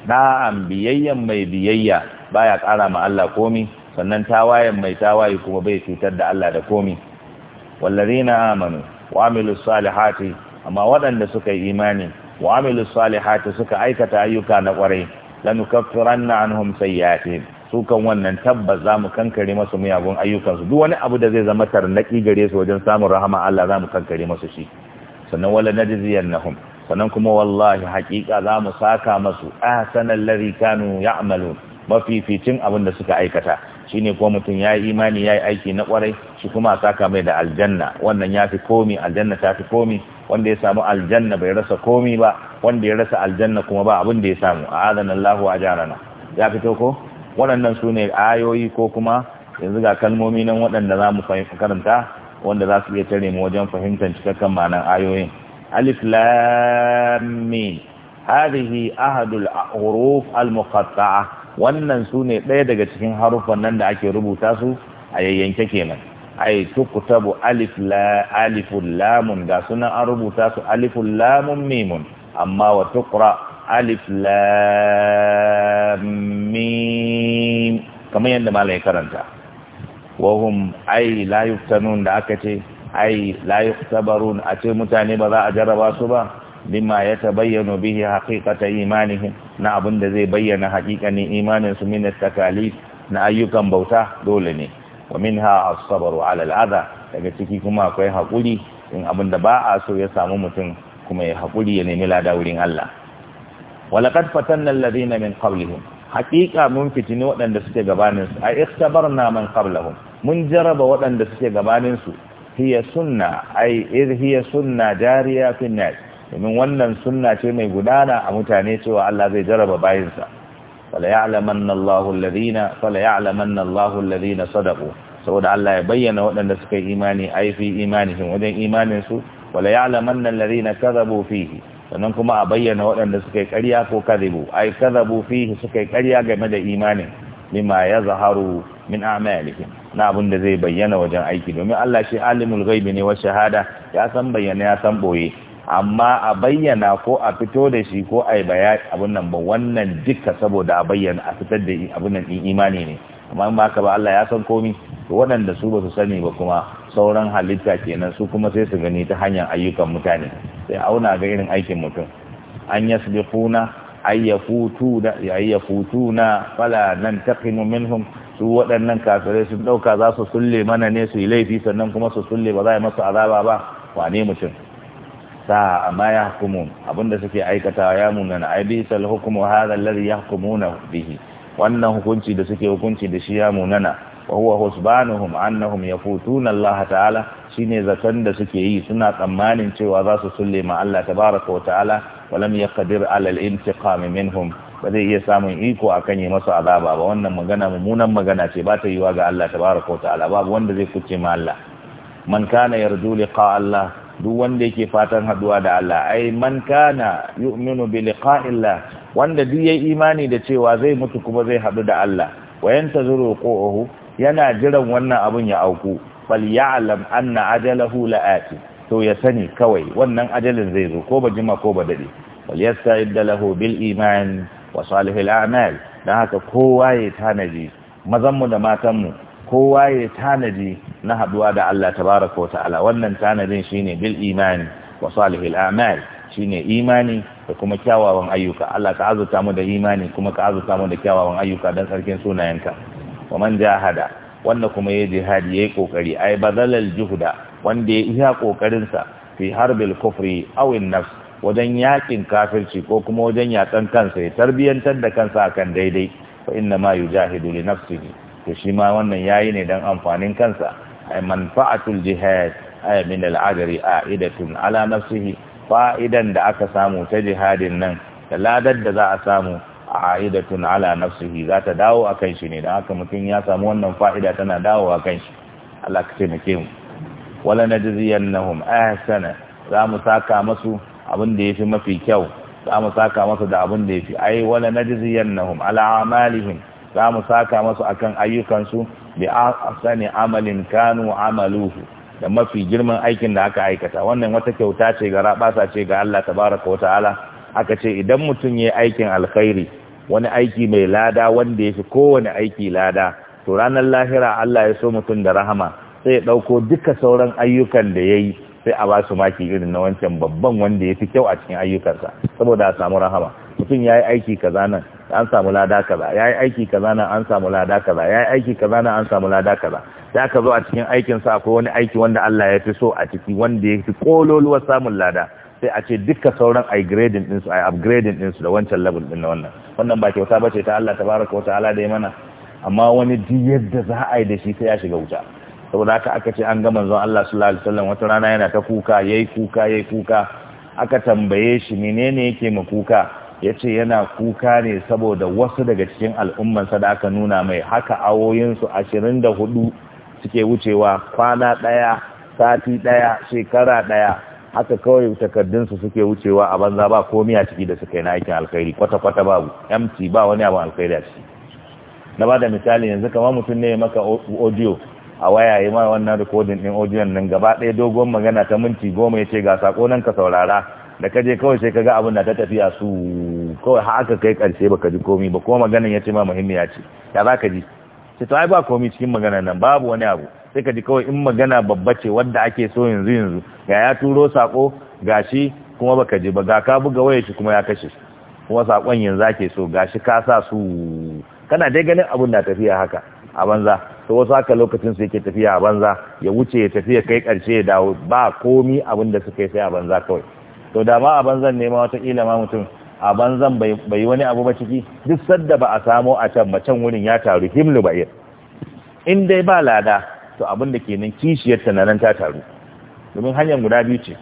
da'an biyayyan mai biyayya baya ƙara ma Allah komi sannan tawayen mai tawaye kuma bai cutar da Allah da komi wallazina amanu wa amilus salihati amma waɗanda suka yi imani wa amilu salihati suka aikata ayyuka na kwarai lanukaffiranna anhum sayyi'atihim su kan wannan tabbas zamu kankare masu miyagun ayyukan su duk wani abu da zai zama tarnaki gare su wajen samun rahama Allah zamu kankare masu shi sannan wala najziyannahum sannan kuma wallahi za zamu saka masu ahsanal ladhi kanu ya'malun mafificin abin da suka aikata shine ko mutum ya yi imani ya yi aiki na kwarai shi kuma a saka mai da aljanna wannan ya fi komi aljanna ta fi komi wanda ya samu aljanna bai rasa komi ba wanda ya rasa aljanna kuma ba abin da ya samu a Allahu a jarana ya fito ko waɗannan su ne ayoyi ko kuma yanzu ga kalmomi nan waɗanda za mu karanta wanda za su iya tare mu wajen fahimtar cikakken ma'anar ayoyin alif lam mim hadhihi ahadul huruf al muqatta'a wannan su ne ɗaya daga cikin harufan nan da ake rubuta su a yayyanke kenan ai tukutabu alif la lamun ga sunan an rubuta su alifun lamun mimun amma wa tukra alif lam mim kamar yadda malai karanta wahum ai la yuftanun da aka ce ai la yuftabarun a ce mutane ba za a jarraba su ba bima ya tabayyano bihi haqiqata imanihim na abin da zai bayyana haƙiƙanin imanin su min takalif na ayyukan bauta dole ne wa ha as-sabru adha daga ciki kuma akwai hakuri in abin da ba a so ya samu mutum kuma ya haƙuri ya nemi lada wurin Allah walaqad fatanna alladhina min qablihim haqiqa mun fitini wadanda suke gabanin su ai ikhtabarna man qablahum mun jaraba waɗanda suke gabanin su hiya sunna ai hiya sunna jariya fi nas domin wannan sunna ce mai gudana a mutane cewa Allah zai jaraba bayinsa فليعلمن الله الذين فليعلمن الله الذين صدقوا saboda Allah ya bayyana waɗanda suka yi imani ai fi imanihim wajen imanin su wala ya'lamanna alladhina kadhabu fihi sannan kuma a bayyana waɗanda suka yi ƙarya ko kadhibu ai kadhabu fihi suka yi ƙarya game da imanin lima yazharu min a'malihim na abin da zai bayyana wajen aiki domin Allah shi alimul ghaibi ne wa shahada ya san bayyana ya san boye amma a bayyana ko a fito da shi ko a yi bayani abin nan ba wannan duka saboda a bayyana a fitar da abin nan imani ne amma in ba ba Allah ya san komi to waɗanda su ba su sani ba kuma sauran halitta kenan su kuma sai su gani ta hanyar ayyukan mutane sai auna ga irin aikin mutum an yasbiquna ayyafutuna ayyafutuna fala nantaqimu minhum su waɗannan kafirai sun ɗauka za su sulle mana ne su yi laifi sannan kuma su sulle ba za a yi masa azaba ba wane mutum sa'a amma ya hukumun abinda suke aikatawa ya munana ai bi sal hukumu hadha alladhi yahkumuna bihi wannan hukunci da suke hukunci da shi ya munana wa huwa husbanuhum annahum yafutuna Allah ta'ala shine zaton da suke yi suna tsammanin cewa za su sulle ma Allah tabaraka wa ta'ala wa lam yaqdir ala al-intiqam minhum ba zai iya samun iko akan yi masa azaba ba wannan magana mummunan magana ce ba ta yiwa ga Allah tabaraka wa ta'ala babu wanda zai kuce ma Allah man kana yarju liqa Allah duk wanda yake fatan haduwa da Allah ai man kana yu'minu bi liqa'illah wanda duk yayi imani da cewa zai mutu kuma zai hadu da Allah wa yantazuru qu'uhu yana jiran wannan abun ya auku fal ya'lam anna ajalahu la'ati to ya sani kawai wannan ajalin zai zo ko ba jima ko ba dade wal yasta'id lahu bil iman wa salihil a'mal dan haka kowa ya tanaji mazan mu da matan mu kowa ya tanaji na haduwa da Allah tabaraka wa ta'ala wannan tanadin shine bil imani wa salihil a'mal shine imani da kuma kyawawan ayyuka Allah ka azata mu da imani kuma ka azurta mu da kyawawan ayyuka dan sarkin sunayenka wa man jahada wanda kuma ya jihadi yayi kokari ai bazalal juhda wanda ya iya sa fi harbil kufri aw nafs wajen yakin kafirci ko kuma wajen yatsan kansa ya tarbiyantar da kansa akan daidai fa inna ma yujahidu li nafsihi to shi ma wannan yayi ne dan amfanin kansa manfa'atul jihad ay min al-ajri a'idatun ala nafsihi fa'idan da aka samu ta jihadin nan da ladar da za a samu a'idatun ala nafsihi za ta dawo akan shi ne dan haka mutum ya samu wannan fa'ida tana dawo akan shi Allah ka taimake mu wala najziyannahum ahsana za mu saka masu abin da yafi mafi kyau za mu saka masu da abin da yafi ai wala najziyannahum ala amalihim za mu saka masu akan ayyukansu bi ahsani amalin kanu amaluhu da mafi girman aikin da aka aikata wannan wata kyauta ce ga rabasa ce ga Allah tabaraka wa ta'ala aka ce idan mutum yayi aikin alkhairi wani aiki mai lada wanda yafi kowane aiki lada to ranar lahira Allah ya so mutum da rahama sai ya dauko duka sauran ayyukan da yayi sai a basu maki irin na wancan babban wanda yafi kyau a cikin ayyukansa saboda a samu rahama mutum yayi aiki kaza nan an samu lada kaza yayi aiki kaza nan an samu lada kaza yayi aiki kaza nan an samu lada kaza sai aka zo a cikin aikin sa akwai wani aiki wanda Allah ya fi so a ciki wanda ya fi kololuwa samun lada sai a ce duka sauran ai grading din su ai upgrading din su da wancan level din na wannan wannan ba kyauta bace ta Allah tabaraka wa ta'ala da ya mana amma wani duk yadda za a yi da shi sai ya shiga wuta saboda haka aka ce an ga manzon Allah sallallahu alaihi wasallam wata rana yana ta kuka yayi kuka yayi kuka aka tambaye shi menene yake ma kuka ya ce yana kuka ne saboda wasu daga cikin al'ummansa da aka nuna mai haka awoyinsu ashirin da hudu suke wucewa kwana ɗaya sati ɗaya shekara ɗaya haka kawai takardunsu suke wucewa a banza ba komi a ciki da suka yi na aikin alkhairi kwata-kwata babu mt ba wani abin alkhairi a ciki na ba da misali yanzu kama mutum ne maka audio a waya yi ma wannan rikodin ɗin audio nan gaba ɗaya dogon magana ta minti goma ya ce ga sako ka saurara da ka je kawai sai ka ga abin da ta tafiya su kawai haka kai karshe baka ji komi ba kuma maganan ya ce ma muhimmiya ce ya za ka ji sai to ai ba komi cikin magana nan babu wani abu sai ka ji kawai in magana babba ce wadda ake so yanzu yanzu ga ya turo sako Ga shi. kuma baka ji ba ga ka buga wayar shi kuma ya kashe kuma sakon yanzu ake so ga shi ka sa su kana dai ganin abin da tafiya haka a banza to wasu haka lokacin su yake tafiya a banza ya wuce ya tafiya kai karshe ya dawo ba komi abin da suka yi sai a banza kawai to da ma a banzan nema wata ma mutum a banzan bai wani abu ba ciki duk sadda ba a samo a can macen wurin ya taru himlu bayir in dai ba lada to abin da ke nan kishiyar nan ta taru domin hanyar guda biyu ce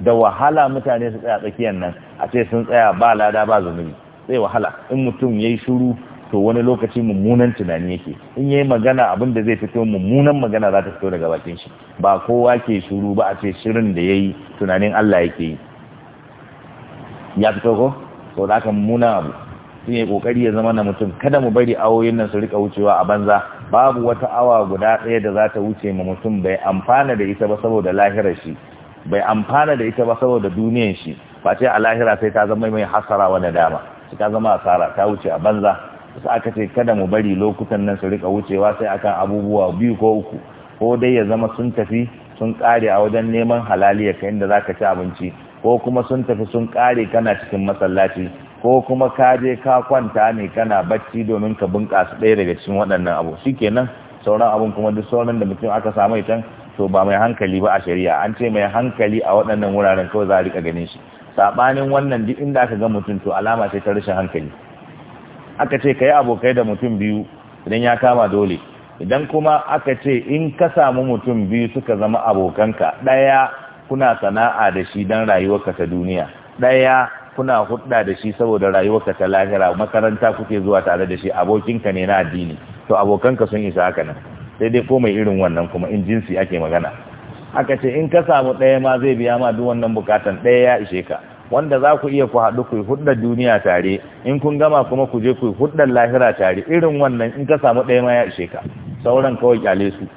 da wahala mutane su tsaya tsakiyar nan a ce sun tsaya ba lada ba zunubi sai wahala in mutum ya yi shuru to wani lokaci mummunan tunani yake in ya yi magana abin da zai fito mummunan magana za ta fito daga bakin shi ba kowa ke shuru ba a ce shirin da ya yi tunanin Allah yake yi ya fito ko so da aka muna abu sun yi kokari ya zama na mutum kada mu bari awoyin nan su rika wucewa a banza babu wata awa guda ɗaya da za ta wuce ma mutum bai amfana da ita ba saboda lahirar shi bai amfana da ita ba saboda duniyar shi ba ce a lahira sai ta zama mai hasara wa nadama sai ta zama asara ta wuce a banza sai aka ce kada mu bari lokutan nan su rika wucewa sai akan abubuwa biyu ko uku ko dai ya zama sun tafi sun kare a wajen neman halaliya kayan da za ka ci abinci ko kuma sun tafi sun kare kana cikin masallaci ko kuma ka je ka kwanta ne kana bacci domin ka bunƙasa ɗaya daga cikin waɗannan abu shikenan sauran abun kuma duk sauran da mutum aka samu ita to ba mai hankali ba a shari'a an ce mai hankali a waɗannan wuraren kawai za a rika ganin shi saɓanin wannan duk inda aka ga mutum to alama ce ta rashin hankali aka ce ka yi abokai da mutum biyu idan ya kama dole idan kuma aka ce in ka samu mutum biyu suka zama abokanka ɗaya kuna sana'a da shi don rayuwarka ta duniya ɗaya kuna hudda da shi saboda rayuwarka ta lahira makaranta kuke zuwa tare da shi abokinka ne na addini to abokanka sun isa haka nan sai dai ko mai irin wannan kuma in jinsi ake magana aka ce in ka samu ɗaya ma zai biya ma duk wannan bukatan ɗaya ya ishe ka wanda za ku iya ku haɗu ku hudda duniya tare in kun gama kuma ku je ku hudda lahira tare irin wannan in ka samu ɗaya ma ya ishe ka sauran kawai kyale su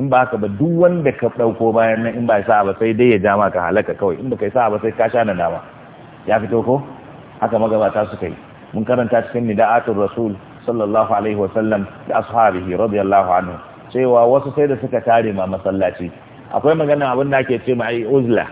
in ba haka ba duk wanda ka ɗauko bayan nan in ba ya sa'a ba sai dai ya ja maka halaka kawai in ba ka yi sa'a ba sai ka sha na dama ya fito ko haka magabata su kai mun karanta cikin nida'atul rasul sallallahu alaihi wa sallam da ashabihi radiyallahu anhu cewa wasu sai da suka tare ma masallaci akwai magana abin da ake ce ma ai uzla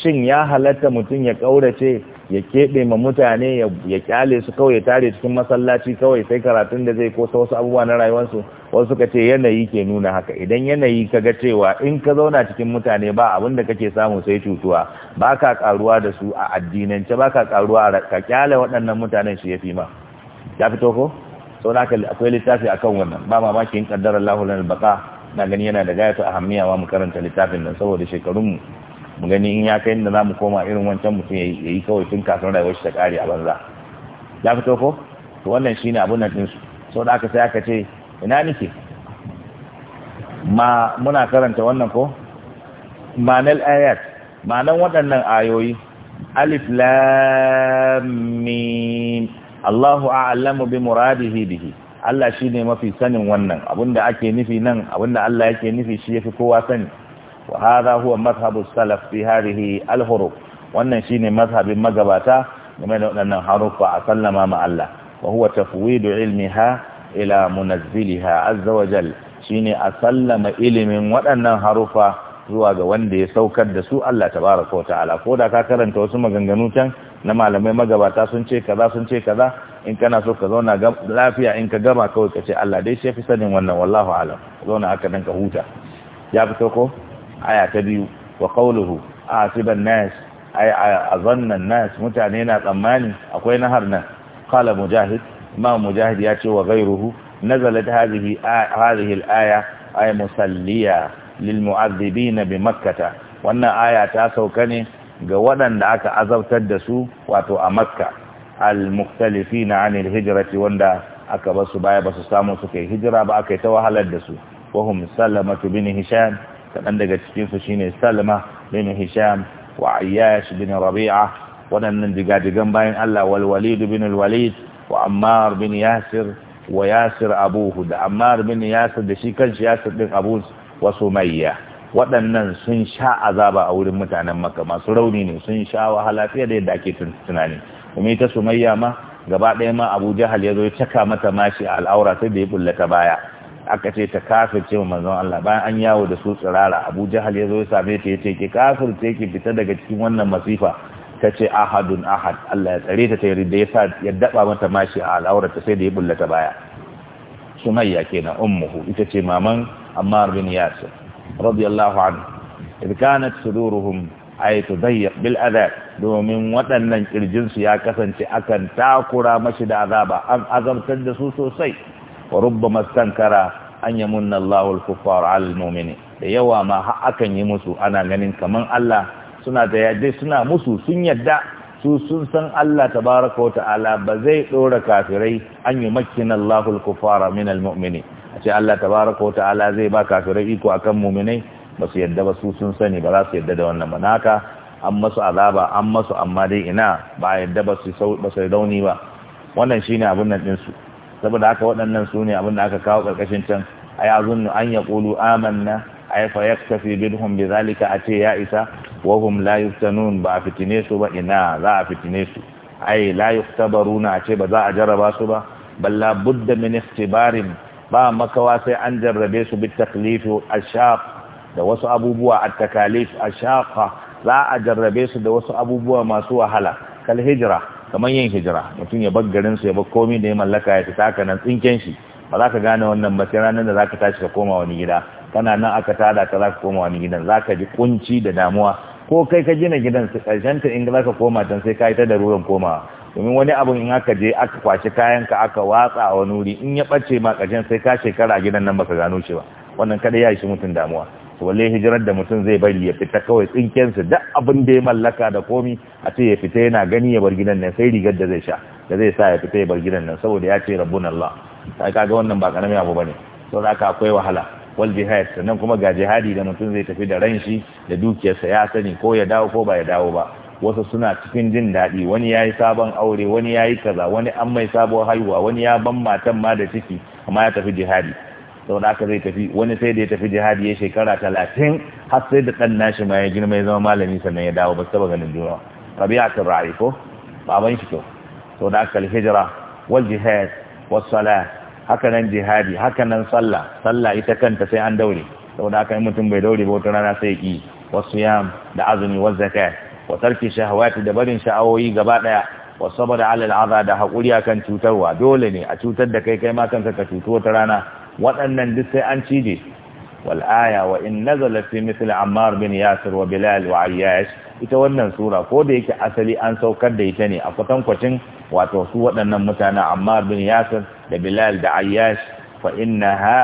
shin ya halatta mutum ya kaurace ya keɓe ma mutane ya kyale su kawai ya tare cikin masallaci kawai sai karatun da zai kosa wasu abubuwa na rayuwarsu wasu ka ce yanayi ke nuna haka idan yanayi ka ga cewa in ka zauna cikin mutane ba abin da kake samu sai cutuwa ba ka karuwa da su a addinance ba ka karuwa ka kyale waɗannan mutanen shi ya fi ma ya fito ko sau da akwai littafi a kan wannan ba mamaki in kaddara lahulan baka na gani yana da gayatu ahammiya wa mu karanta littafin nan saboda shekarunmu mu gani in ya kai inda za mu koma irin wancan mutum ya yi kawai tun kafin rayuwar shi ta kare a banza ya fito ko to wannan ne abun nan ɗinsu sau da aka sai aka ce ina nike ma muna karanta wannan ko manal ayat manan waɗannan ayoyi alif lam Allahu a'lamu bi muradihi bihi Allah shine mafi sanin wannan abinda ake nufi nan abinda Allah yake nufi shi yafi kowa sani wa hadha salaf fi hadhihi al-huruf wannan shine mazhabin magabata game da waɗannan haruffa a sallama ma Allah wa huwa tafwidu ilmiha ila munazziliha azza wa jal shine a sallama ilimin waɗannan haruffa zuwa ga wanda ya saukar da su Allah tabaraka wa ta'ala ko da ka karanta wasu maganganu can na malamai magabata sun ce kaza sun ce kaza in kana so ka zauna lafiya in ka gama kawai ka ce Allah dai shi fi sanin wannan wallahu alam zauna haka nan ka huta ya fito ko aya ta biyu wa qawluhu asiban nas ay azanna nas mutane na tsammani akwai nahar nan qala mujahid ma mujahid ya ce wa ghayruhu nazalat hadhihi hadhihi al-aya ay musalliya lil mu'adhibin bi makkah wannan aya ta sauka ne ga waɗanda aka azabtar da su wato a makka al-mukhtalifina 'anil hijrati wanda aka basu baya basu samu suka hijira ba akai ta wahalar da su wahum salamatu bin hisham kaɗan daga cikinsu shine salma bin hisham wa ayyash bin rabi'a waɗannan digadigan bayan allah wal bin walid wa ammar bin yasir wa yasir abuhu da ammar bin yasir da shi shi yasir din abu wa sumayya waɗannan sun sha azaba a wurin mutanen maka masu rauni ne sun sha wahala fiye da yadda ake tunani kuma ita sumayya ma gaba ɗaya ma abu jahal ya zo ya caka mata mashi a al'aura sai da ya bulla ta baya aka ce ta kafirce wa manzon Allah bayan an yawo da su tsirara Abu Jahal ya zo ya same ta yace ki kafirce ki fita daga cikin wannan masifa tace ahadun ahad Allah ya tsare ta ta yarda ya sa ya daba mata mashi a al'aurar ta sai da ya bullata baya Sumayya kenan ummuhu ita ce maman Ammar bin Yasir radiyallahu anhu idh kanat suduruhum ay tudayyiq bil adab domin waɗannan kirjinsu ya kasance akan takura mashi da azaba an azabtar da su sosai wa rubbama sankara an yamunna Allahu al-kuffar 'ala al-mu'minin da yawa ma akan yi musu ana ganin kaman Allah suna da yadda suna musu sun yadda su sun san Allah tabaraka wa ta'ala ba zai dora kafirai an yi makkina Allahu al min al-mu'minin a ce Allah tabaraka wa ta'ala zai ba kafirai iko akan mu'minai ba su yadda ba su sun sani ba za su yadda da wannan manaka an masu azaba an masu amma dai ina ba yadda ba su rauni ba wannan shine abin nan din su saboda haka waɗannan su ne abin da aka kawo ƙarƙashin can ay azunnu an yaqulu amanna ay fa yaktafi bidhum a ce ya isa wa hum la yuftanun ba a fitine su ba ina za a fitine su ay la yuftabaruna ace ba za a jarraba su ba balla budda min ikhtibarin ba makawa sai an jarrabe su bit taklif ashaq da wasu abubuwa at takalif ashaqa za a jarrabe su da wasu abubuwa masu wahala kal hijra kamar yin hijira mutum ya bar garinsu ya bar komi da ya mallaka ya fita ka nan tsinken shi ba za ka gane wannan ba sai ranar da za ka tashi ka koma wani gida kana nan aka tada ka za ka koma wani gidan za ka ji kunci da damuwa ko kai ka gina gidan su ƙarshen ta in za ka koma can sai ka yi ta da ruwan komawa domin wani abun in aka je aka kwashi kayan ka aka watsa a wani wuri in ya ɓace ma ƙarshen sai ka shekara gidan nan ba ka gano shi ba wannan kada ya yi shi mutum damuwa wale hijirar da mutum zai bari ya fita kawai tsinkensa da abin da ya mallaka da komi a ce ya fita yana gani ya bar gidan nan sai rigar da zai sha da zai sa ya fita ya bar gidan nan saboda ya ce rabbun Allah sai kaga wannan ba karamin abu bane to haka akwai wahala wal jihad sannan kuma ga jihadi da mutum zai tafi da ran shi da dukiyarsa ya sani ko ya dawo ko ba ya dawo ba wasu suna cikin jin daɗi wani ya yi sabon aure wani ya yi kaza wani an mai sabon haihuwa wani ya ban matan ma da ciki amma ya tafi jihadi da aka zai tafi wani sai da ya tafi jihadi ya shekara talatin har sai da ɗan nashi ma ya girma ya zama malami sannan ya dawo ba su taɓa ganin juna rabi'a ta ra'ayi ko baban shi kyau saboda haka hijira wal jihad was sala haka nan jihadi haka nan sallah sallah ita kanta sai an daure da aka yi mutum bai daure ba wata rana sai ki wasu yam da azumi wa zakat wa tarki shahawati da barin sha'awoyi gaba daya wa saboda ala da hakuri akan cutarwa dole ne a cutar da kai kai ma kanka ka cutu wata rana waɗannan duk sai an cije Wal'aya wa in nazala fi ammar bin yasir wa bilal wa ayyash ita wannan sura ko da yake asali an saukar da ita ne a kwatankwacin wato su waɗannan mutanen ammar bin yasir da bilal da ayyash fa innaha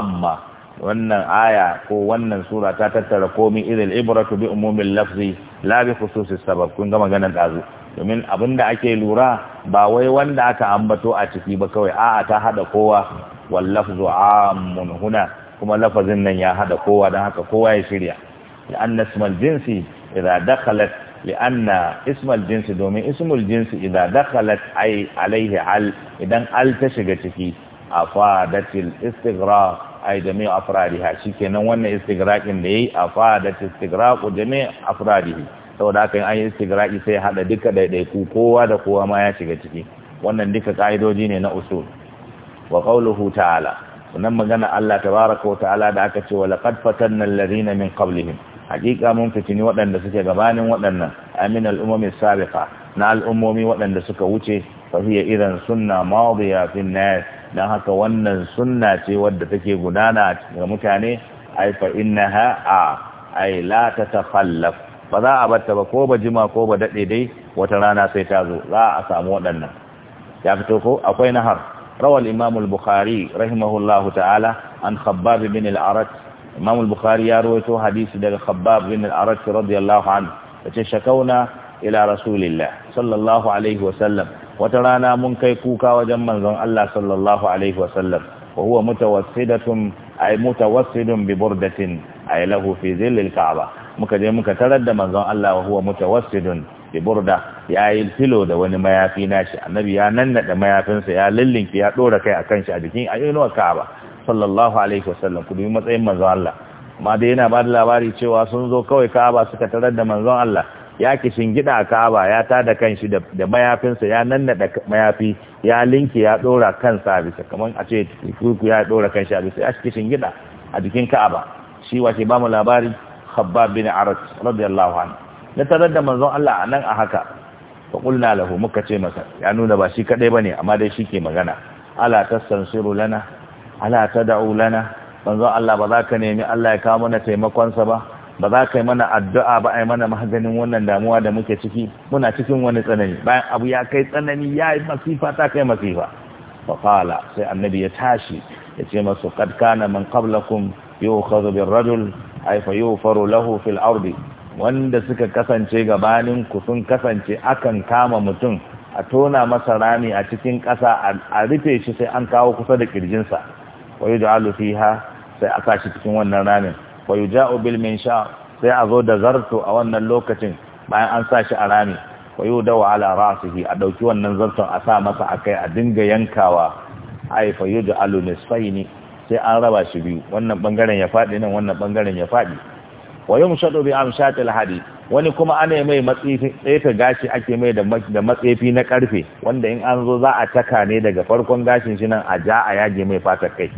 amma wannan aya ko wannan sura ta tattara komi idil ibratu bi umumin lafzi la bi khususis sabab kun ga maganar dazu domin abinda ake lura ba wai wanda aka ambato a ciki ba kawai a'a ta hada kowa wallafzu amun huna kuma lafazin nan ya hada kowa don haka kowa ya shirya لأن اسم الجنس إذا دخلت لأن اسم الجنس دومين اسم الجنس إذا دخلت أي عليه عل إذن أل تشغت فيه أفادت الاستغراق أي جميع أفرادها شكنا وانا استغراق إنه أفادت استغراق جميع أفراده da aka yi an yi istigiraki sai hada duka daidaiku kowa da kowa ma ya shiga ciki wannan duka ƙa'idoji ne na usul wa qawluhu ta'ala sunan magana Allah tabaraka wa ta'ala da aka ce wa laqad fatanna alladhina min qablihim hakika mun fitini waɗanda suke gabanin waɗannan amin al'ummomi sabiqa na al'ummomi waɗanda suka wuce fa hiya idan sunna madiya fi nas dan haka wannan sunna ce wadda take gudana ga mutane ai fa innaha a ai la tatakhallaf ba za a batta ba ko ba jima ko ba dade dai wata rana sai ta zo za a samu waɗannan ya fito ko akwai nahar روى الإمام البخاري رحمه الله تعالى عن خباب بن الأرت إمام البخاري يروي حديث ده خباب بن الأرت رضي الله عنه تشكونا إلى رسول الله صلى الله عليه وسلم وترانا من كي كوكا وجمع الله صلى الله عليه وسلم وهو متوسدة أي متوسد ببردة أي له في ظل الكعبة مكجمك ترد من الله وهو متوسد da burda ya yi filo da wani mayafi nashi annabi ya da mayafinsa ya lillinki ya dora kai a shi a jikin ayyunuwar ka'aba sallallahu alaihi wasallam ku bi matsayin manzon Allah amma dai yana ba da labari cewa sun zo kawai ka'aba suka tarar da manzon Allah ya kishin gida a ka'aba ya ta tada kanshi da mayafinsa ya da mayafi ya linki ya dora kansa bisa kaman a ce kuku ya dora kanshi a bisa ya kishin gida a jikin ka'aba shi wace ba mu labari khabbab bin arat radiyallahu anhu na tarar da manzon Allah a nan a haka fa qulna lahu muka ce masa ya nuna ba shi ba bane amma dai shi ke magana ala tastansiru lana ala da'u lana manzon Allah ba za ka nemi Allah ya kawo mana taimakonsa ba ba za ka yi mana addu'a ba yi mana maganin wannan damuwa da muke ciki muna cikin wani tsanani bayan abu ya kai tsanani ya yi masifa ta kai masifa fa sai annabi ya tashi ya ce masu kad kana man qablakum yu'khadhu bir rajul ay fa yufaru lahu fil ardi wanda suka kasance gabanin ku sun kasance akan kama mutum a tona masa rami a cikin ƙasa a rufe shi sai an kawo kusa da kirjinsa wa yuj'alu fiha sai a shi cikin wannan ramin wa yuja'u bil minsha sai a zo da zarto a wannan lokacin bayan an sa shi a rami wa yudawa ala ra'sihi a dauki wannan zarton a sa masa akai a dinga yankawa ai fa yuj'alu nisfaini sai an raba shi biyu wannan bangaren ya fadi nan wannan bangaren ya fadi wa yumshadu bi an shaɗi lahadi wani kuma ana mai matsefi tsefe gashi ake mai da matsefi na karfe wanda in an zo za a taka ne daga farkon gashin shi nan a ja a yage mai fata kai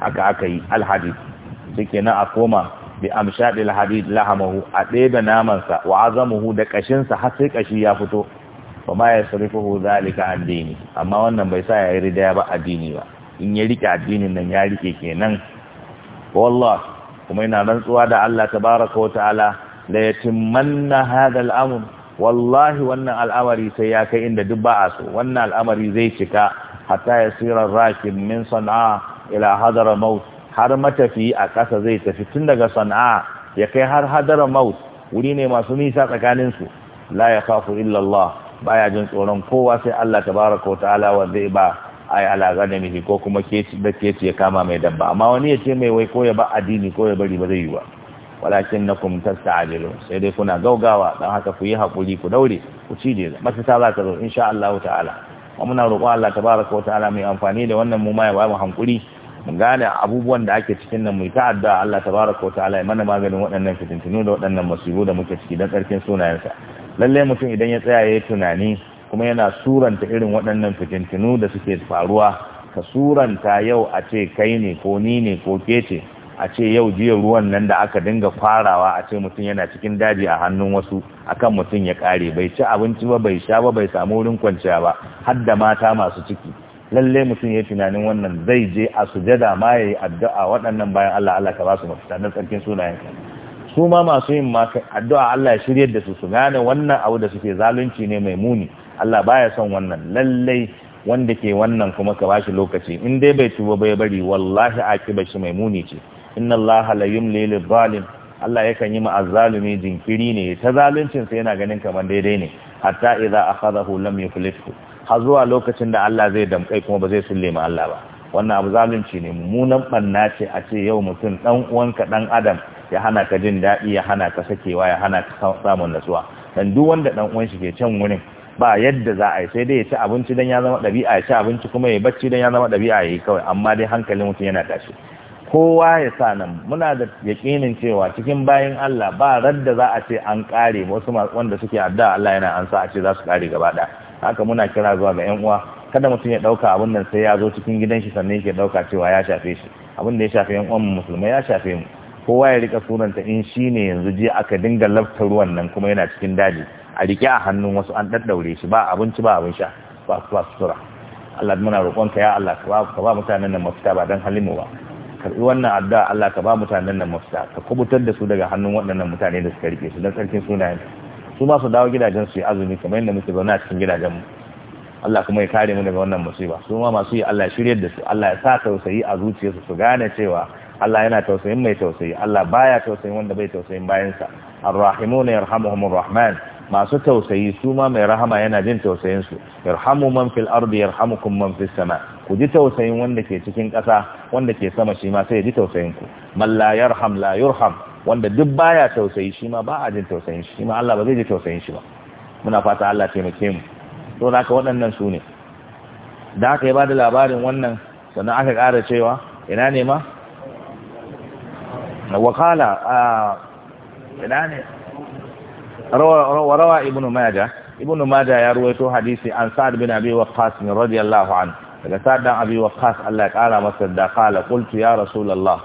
haka aka yi al suke nan a koma bi an shaɗi lahadi lahamahu a ɗebe namansa. namansa wa azamuhu da ƙashinsa har sai kashi ya fito ba ma yasrifuhu zalika an amma wannan bai sa ya yi ridaya ba addini ba in ya rike addinin nan ya rike kenan wallahi kuma ina rantsuwa da Allah tabaraka wa ta'ala la yatimanna hadha wallahi wannan al'amari sai ya kai inda duk ba a so wannan al'amari zai cika hatta yasira rakin min sana'a ila hadara maut har matafi a ƙasa zai tafi tun daga sana'a ya kai har hadara maut wuri ne masu nisa tsakanin su la yakhafu illa Allah baya jin tsoron kowa sai Allah tabaraka wa ta'ala wanda ba ai da miji ko kuma keci da keci ya kama mai dabba amma wani ya ce mai wai ko ya ba addini ko ya bari ba zai yi ba walakin nakum tasta'jilu sai dai kuna gaugawa dan haka ku yi hakuri ku daure ku ci da Masu ta za ka zo insha Allah ta'ala muna roƙon Allah tabaraka ta'ala mai amfani da wannan mu ma ya ba mu hankuri mu gane abubuwan da ake cikin nan mu ta addu'a Allah tabaraka ta'ala ya mana maganin waɗannan fitintunu da waɗannan masibu da muke ciki dan ƙarfin sunayensa Lallai mutum idan ya tsaya ya yi tunani kuma yana suranta irin waɗannan fitintinu da suke faruwa ka suranta yau a ce kai ne ko ni ne ko ke ce a ce yau jiya ruwan nan da aka dinga farawa a ce mutum yana cikin daji a hannun wasu akan mutum ya kare bai ci abinci ba bai sha ba bai samu wurin kwanciya ba har da mata masu ciki lalle mutum ya tunanin wannan zai je a sujada ma ya yi addu'a waɗannan bayan Allah Allah ka ba su mafita na tsarkin sunayen ka su ma masu yin addu'a Allah ya shiryar da su su gane wannan abu da suke zalunci ne mai muni Allah baya son wannan lallai wanda ke wannan kuma ka bashi lokaci in dai bai tuba bai bari wallahi akiba shi mai muni ce inna Allah la yumli lil Allah yakan yi zalimi jinkiri ne ta zaluncin sa yana ganin kamar daidai ne hatta idza akhadahu lam yuflithu har zuwa lokacin da Allah zai damkai kuma ba zai sulle ma Allah ba wannan abu zalunci ne mummunan banna ce a ce yau mutum dan uwanka dan adam ya hana ka jin daɗi ya hana ka sakewa ya hana ka samun natsuwa dan duk wanda dan uwan shi ke can wurin ba yadda za a yi sai dai ya ci abinci don ya zama ɗabi'a ya ci abinci kuma ya bacci don ya zama ɗabi'a ya yi kawai amma dai hankalin mutum yana tashi kowa ya sa nan muna da yaƙinin cewa cikin bayan Allah ba radda za a ce an ƙare wasu wanda suke adda Allah yana an sa a ce za su ƙare gaba ɗaya haka muna kira zuwa ga ƴan uwa kada mutum ya ɗauka abin nan sai ya zo cikin gidan shi sannan yake ɗauka cewa ya shafe shi abin da ya shafe ƴan uwan musulmai ya shafe mu kowa ya rika sunanta in shine yanzu jiya aka dinga lafta ruwan nan kuma yana cikin daji a rike a hannun wasu an daddaure shi ba abinci ba abin sha ba ba tura Allah muna ka ya Allah ka ba ba mutanen nan mafita ba dan halimu ba karbi wannan addu'a Allah ka ba mutanen nan mafita ka kubutar da su daga hannun waɗannan mutane da suka rike su dan sarkin sunayen su ma su dawo gidajen su yi azumi kamar yadda muke zauna a cikin gidajen mu Allah kuma ya kare mu daga wannan musiba su ma masu yi Allah shiryar da su Allah ya sa tausayi a zuciyarsu su gane cewa Allah yana tausayin mai tausayi Allah baya tausayin wanda bai tausayin bayansa ar-rahimuna yarhamuhumur rahman masu tausayi su ma mai rahama yana jin tausayin su yarhamu man fil ardi yarhamukum man fis sama ku ji tausayin wanda ke cikin ƙasa wanda ke sama shi ma sai ya ji tausayin ku man la yarham la yurham wanda duk baya tausayi shi ma ba a jin tausayin shi ma Allah ba zai ji tausayin shi ba muna fata Allah taimake mu to naka haka waɗannan su ne da aka yi ba da labarin wannan sannan aka ƙara cewa ina ne ma wakala ah, ina ne rawa ibnu majah ibnu majah ya ruwaito hadisi an sa'ad bin abi waqqas radiyallahu an, daga sa'ad dan abi waqqas Allah ya kara masa da qala qultu ya rasulullah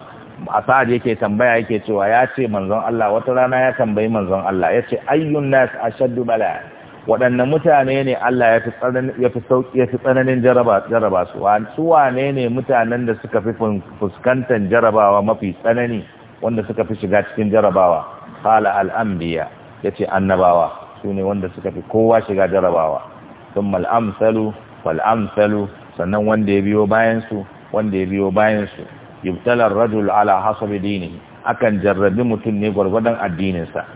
asad yake tambaya yake cewa ya ce manzon Allah wata rana ya tambayi manzon Allah ya ce ayyun nas ashaddu bala waɗannan mutane ne Allah ya fi tsananin ya fi sauki ya fi tsananin jaraba jaraba su su wane ne mutanen da suka fi fuskantar jarabawa mafi tsanani wanda suka fi shiga cikin jarabawa qala al anbiya ya ce annabawa su ne wanda suka fi kowa shiga jarabawa sun mal'amsalu fal'amsalu sannan wanda ya biyo bayansu wanda ya biyo bayansu yubtalar rajul ala hasabi dini akan jarrabi mutum ne gwargwadon addininsa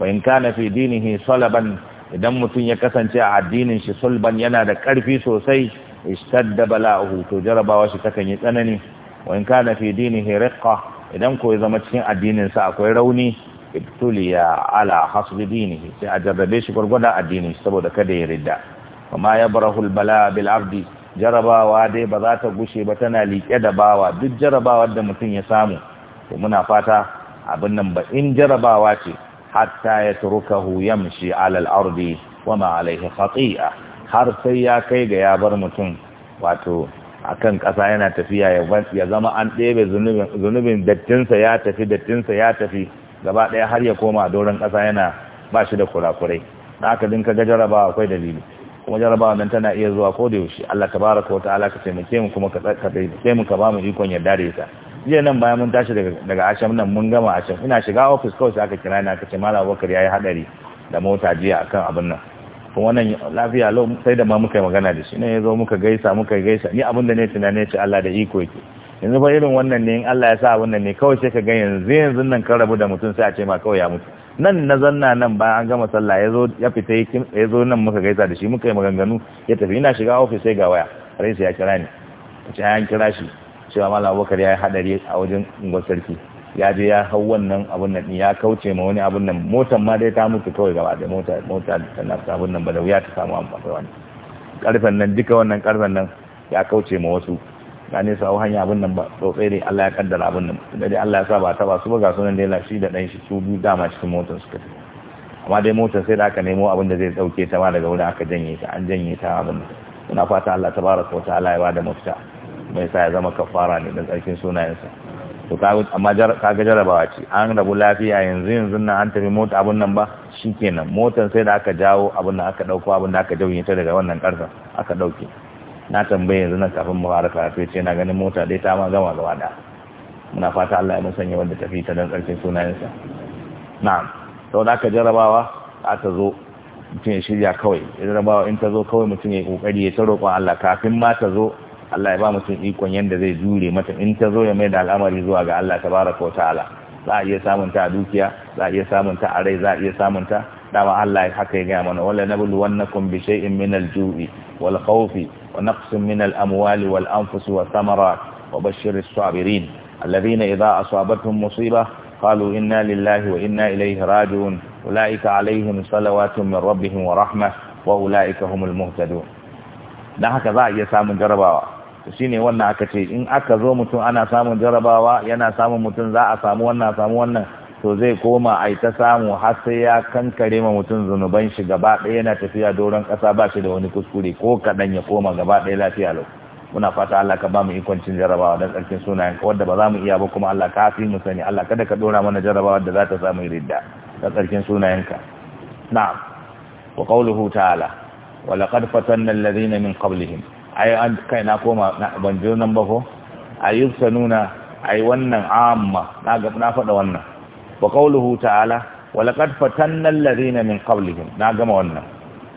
wa in kana fi dinihi salaban idan mutum ya kasance a addinin shi sulban yana da karfi sosai ishtadda bala'uhu to jarabawa shi takan yi tsanani wa in kana fi dinihi riqqa idan ko ya zama cikin addinin sa akwai rauni ibtuliya ala hasbi dinihi sai a jarrabe shi gwargwadon addini saboda kada ya ridda amma ya barahul bala bil abdi jarabawa dai ba za ta gushe ba tana liƙe da bawa duk jarabawar da mutum ya samu to muna fata abin nan ba in jarabawa ce hatta ya turukahu yamshi ala al-ardi wa ma alaihi khati'a har sai ya kai ga ya bar mutum wato akan ƙasa yana tafiya ya zama an ɗebe zunubin dattinsa ya tafi dattinsa ya tafi gaba ɗaya har ya koma a doron ƙasa yana ba shi da kurakurai da aka dinka ga jarabawa akwai dalili kuma jarabawa nan tana iya zuwa ko da yaushe Allah tabaraka wa ta'ala ka taimake mu kuma ka sai mu ka ba mu ikon yarda da ita jiya nan bayan mun tashi daga daga Asham nan mun gama Asham ina shiga office kawai sai aka kira ni aka ce Malam Abubakar yayi hadari da mota jiya akan abin nan kuma wannan lafiya lau sai da ma muka yi magana da shi ne ya zo muka gaisa muka gaisa ni abin da ne tunane ce Allah da iko yake yanzu ba irin wannan ne in Allah ya sa wannan ne kawai sai ka ga yanzu yanzu nan kan rabu da mutum sai a ce ma kawai ya mutu nan na zanna nan ba an gama sallah ya zo ya fita ya zo nan muka gaisa da shi muka yi maganganu ya tafi ina shiga ofis sai ga waya rai sai ya kira ni ce an kira shi cewa malam Abubakar ya yi hadari a wajen ungwar sarki ya je ya hau wannan abun nan ya kauce ma wani abun nan motar ma dai ta mutu kawai gaba da mota mota tana abun nan ba da wuya ta samu amfani karfen nan duka wannan karfen nan ya kauce ma wasu gane su hau hanya abin nan ba tsotsai dai Allah ya kaddara abin nan da dai Allah ya sa ba ta ba su ba ga sunan dai shi da dan shi su biyu dama cikin motar suka tafi amma dai motar sai da aka nemo abin da zai dauke ta ma daga wurin aka janye ta an janye ta abin muna fata Allah tabaraka wa ta'ala ya bada mafita mai sa ya zama kafara ne da tsarkin sunayensa to amma kaga jarabawa ce an rabu lafiya yanzu yanzu nan an tafi mota abun nan ba shikenan motar sai da aka jawo abun nan aka dauko abun da aka janye ta daga wannan karfa aka dauke na tambaye yanzu nan kafin mu fara karatu ce na ganin mota dai ta ma gama gaba da muna fata Allah ya musanya wanda tafi ta dan karshen sunayensa na'am to da aka jarabawa ta zo mutum ya shirya kawai jarabawa in ta zo kawai mutum ya kokari ya ta roƙon Allah kafin ma ta zo Allah ya ba mutum ikon yadda zai jure mata in ta zo ya mai da al'amari zuwa ga Allah tabaraka wa ta'ala za a iya samun ta a dukiya za a iya samun ta a rai za a iya samun ta dama Allah haka ya gaya mana wala nablu wannakum bi shay'in min al-ju'i wal khawfi ونقص من الأموال والأنفس والثمرات وبشر الصابرين الذين إذا أصابتهم مصيبة قالوا إنا لله وإنا إليه راجعون أولئك عليهم صلوات من ربهم ورحمة وأولئك هم المهتدون da haka za a iya samun jarabawa shi ne wannan aka ce in aka zo mutum ana samun jarabawa yana samun mutum za a samu wannan samu wannan to zai koma a ta samu har sai ya kankare ma mutum zunuban shi gaba ɗaya yana tafiya doron ƙasa ba shi da wani kuskure ko kaɗan ya koma gaba ɗaya lafiya lau muna fata Allah ka ba mu ikon cin don tsarkin sunayen ka wadda ba za mu iya ba kuma Allah ka fi mu sani Allah kada ka dora mana jarabawa da za ta samu ridda don tsarkin sunayen ka na'am wa qawluhu ta'ala wa laqad fatanna alladhina min qablihim ai an kai na koma na banjo nan ba ko ayyuka nuna ai wannan amma na ga na faɗa wannan Waƙaluhu ta'ala wa laqad fatanna alladhina min qablihim na gama wannan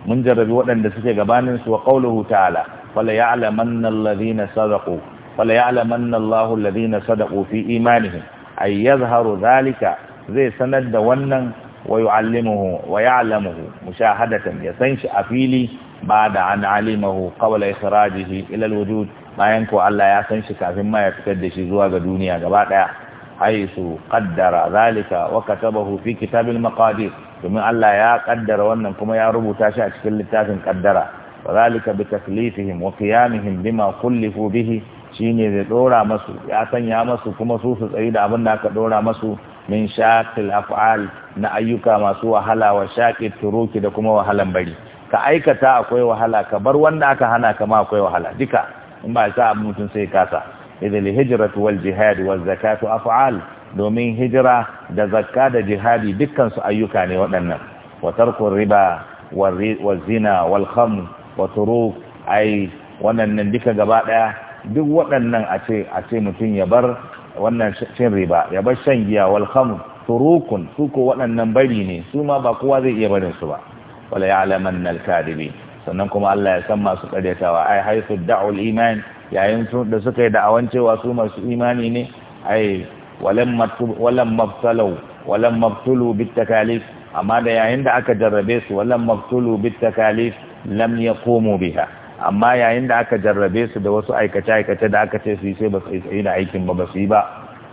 mun jarrabi waɗanda suke gabanin su wa qawluhu ta'ala fala ya'lamanna alladhina sadaqu fala ya'lamanna Allahu alladhina sadaqu fi imanihim ay yadhharu dhalika zai sanar da wannan wa yu'allimuhu wa ya'lamuhu mushahadatan ya san shi a fili bada da an alimahu qawla ikhrajihi ila alwujud bayan ko Allah ya san shi kafin ma ya fitar da shi zuwa ga duniya gaba ɗaya. حيث قدر ذلك وكتبه hufi kitabil المقادير domin Allah ya kaddara wannan kuma ya rubuta shi a cikin littafin kaddara zalika bi taklifihim wa qiyamihim bima kullifu bihi shine zai dora masu ya sanya masu kuma su su tsayi da abin da aka dora masu min shaqil af'al na ayyuka masu wahala wa shaqit turuki da kuma wahalan bari ka aikata akwai wahala ka bar wanda aka hana kama akwai wahala duka in ba sa mutum sai kasa idan hijratu wal jihad wal zakatu af'al domin hijira da zakka da jihadi dukkan su ayyuka ne waɗannan wa tarku riba wa zina wal kham wa turuk ai wannan duka gaba daya duk waɗannan a ce a ce mutum ya bar wannan cin riba ya bar shan giya wal kham turukun su ko waɗannan bari ne su ma ba kowa zai iya barin su ba wala ya'lamanna al kadibi sannan kuma Allah ya san masu karyatawa ai haythu da'ul iman yayin sun da suka yi da'awan cewa su masu imani ne ai walam maktub walam mabtulu amma da yayin da aka jarrabe su walam mabtulu bit lam yaqumu biha amma yayin da aka jarrabe su da wasu aikace aikace da aka ce su yi sai ba su yi da aikin ba ba su yi ba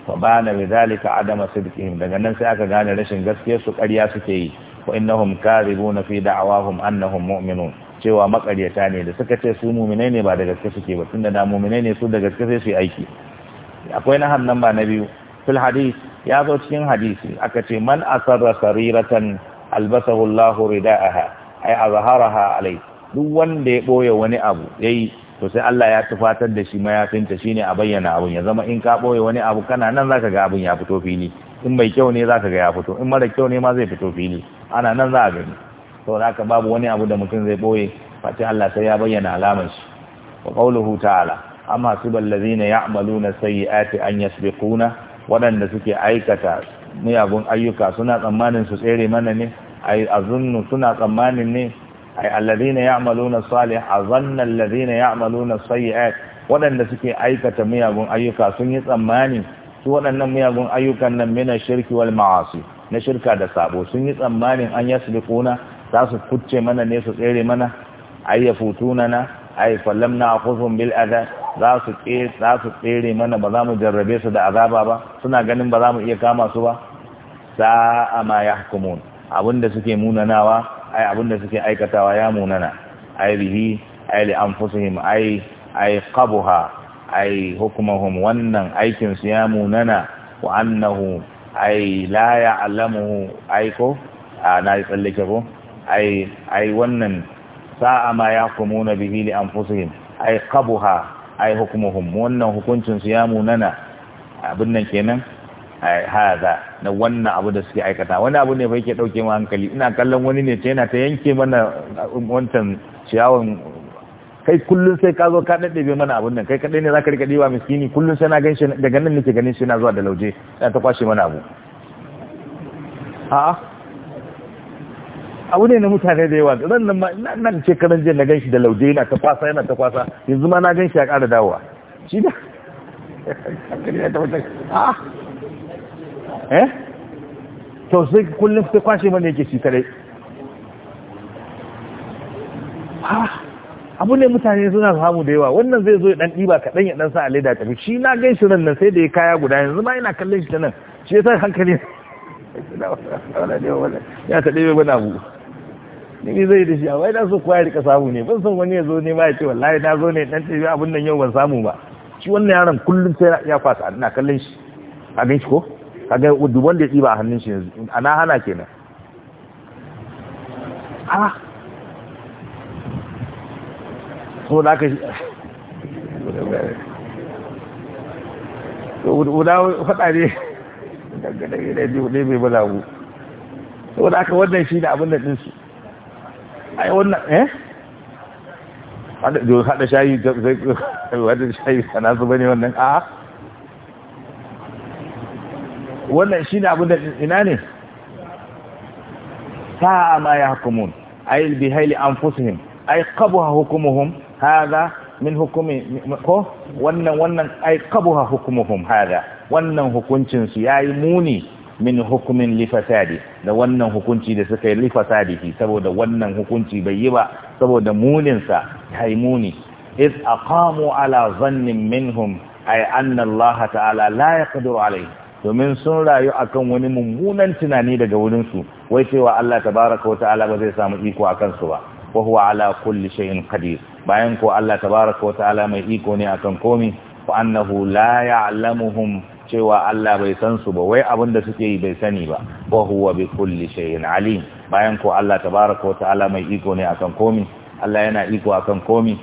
fa bana lidhalika adama sidqihim daga nan sai aka gane rashin gaskiyar su ƙarya suke yi wa innahum kadhibuna fi da'awahum annahum mu'minun cewa makaryata ne da suka ce su muminai ne ba da gaske suke ba tunda da muminai ne su da gaske sai su aiki akwai na hannan ba na biyu fil hadis ya zo cikin hadisi aka ce man asarra sariratan albasahu Allahu rida'aha ay azharaha alai duk wanda ya boye wani abu yayi to sai Allah ya tufatar da shi mayafinta shine a bayyana abun ya zama in ka boye wani abu kana nan zaka ga abun ya fito fili in mai kyau ne zaka ga ya fito in mara kyau ne ma zai fito fili ana nan za a gani saboda haka babu wani abu da mutum zai boye Fati Allah sai ya bayyana alamar shi wa qawluhu ta'ala amma sibal ladina ya'maluna sayyi'ati an yasbiquna waɗanda suke aikata miyagun ayyuka suna tsammanin su tsere mana ne ai azunnu suna tsammanin ne a ya ai alladhina ya'maluna salih azanna alladhina ya'maluna sayyi'at waɗanda suke aikata miyagun ayyuka sun yi tsammanin? su waɗannan miyagun ayyukan nan mina shirki wal ma'asi na shirka da sabo sun yi tsammanin an yasbiquna za su kucce mana ne su tsere mana ayya ya futuna na ai fallam na akhuzum bil adha za su tsere za su tsere mana ba za mu jarrabe su da azaba ba suna ganin ba za mu iya kama su ba sa'a ma yahkumun abinda suke munanawa ai abinda suke aikatawa ya munana ai bihi ai li anfusihim ai ay qabuha ai hukmuhum wannan aikin su ya munana wa annahu ai la ya'lamu ay ko ana na yi tsallake ko ai ai wannan sa'a ma yahkumuna bihi li anfusihim ai qabuha ai hukmuhum wannan hukuncin su ya munana abin nan kenan hada na wannan abu da suke aikata wani abu ne fa yake dauke mu hankali ina kallon wani ne ce yana ta yanke mana uh, wancan ciyawan kai kullun sai ka zo ka daddabe mana abun nan kai kadai ne zaka rika diwa miskini kullun sai na ganshi daga nan nake ganin shi na zuwa da lauje yana ta kwashe mana abu a'a abu ne na mutane da yawa ran nan ma nan ce karan jiya na ganshi da laudai yana ta kwasa yana ta kwasa yanzu ma na ganshi ya kara dawowa shi da eh to sai kullum sai kwashe mana yake shi kare ah, abu ne mutane suna samu da yawa wannan zai zo ya dan diba kaɗan ya dan sa a leda tafi shi na gan shi nan sai da ya kaya guda yanzu ma yana kallon shi ta nan shi ya sa hankali ya ta ɗebe wani abu ni me zai da shi wai na so kwaya rika samu ne ban san wani ya zo ne ma ya ce wallahi na zo ne dan tafi abin nan yau ban samu ba shi wannan yaron kullum sai ya kwasa ina kallon shi a gan shi ko kaga duk wanda ya tsiba a hannun shi yanzu ana hana kenan a so da aka guda faɗa ne dangane da ne mai balagu saboda aka wannan shi da abin da ɗinsu ai wannan eh hada hada shayi sai hada shayi kana zuba ne wannan a wannan shine abin da ina ne sa'a ma yahkumun bi hayli anfusihim ay qabaha hukumuhum hada min hukumi ko wannan wannan ay qabaha hukumuhum hada wannan hukuncin su yayi muni min hukumin lifasadi da wannan hukunci da suka yi lifasadihi saboda wannan hukunci bai yi ba saboda muninsa ta yi muni a kamo ala zannin minhum ay anna Allah ta'ala la yaqdiru domin sun rayu akan wani mummunan tunani daga wurin su wai cewa Allah baraka wa ta'ala ba zai samu iko a kansu ba wa huwa ala kulli shay'in qadir bayan ko Allah baraka wa ta'ala mai iko ne akan komi wa annahu la ya'lamuhum cewa Allah bai san su ba wai abin da suke yi bai sani ba wa huwa bi kulli shay'in alim bayan ko Allah tabaaraka ta'ala mai iko ne akan komi Allah yana iko akan komi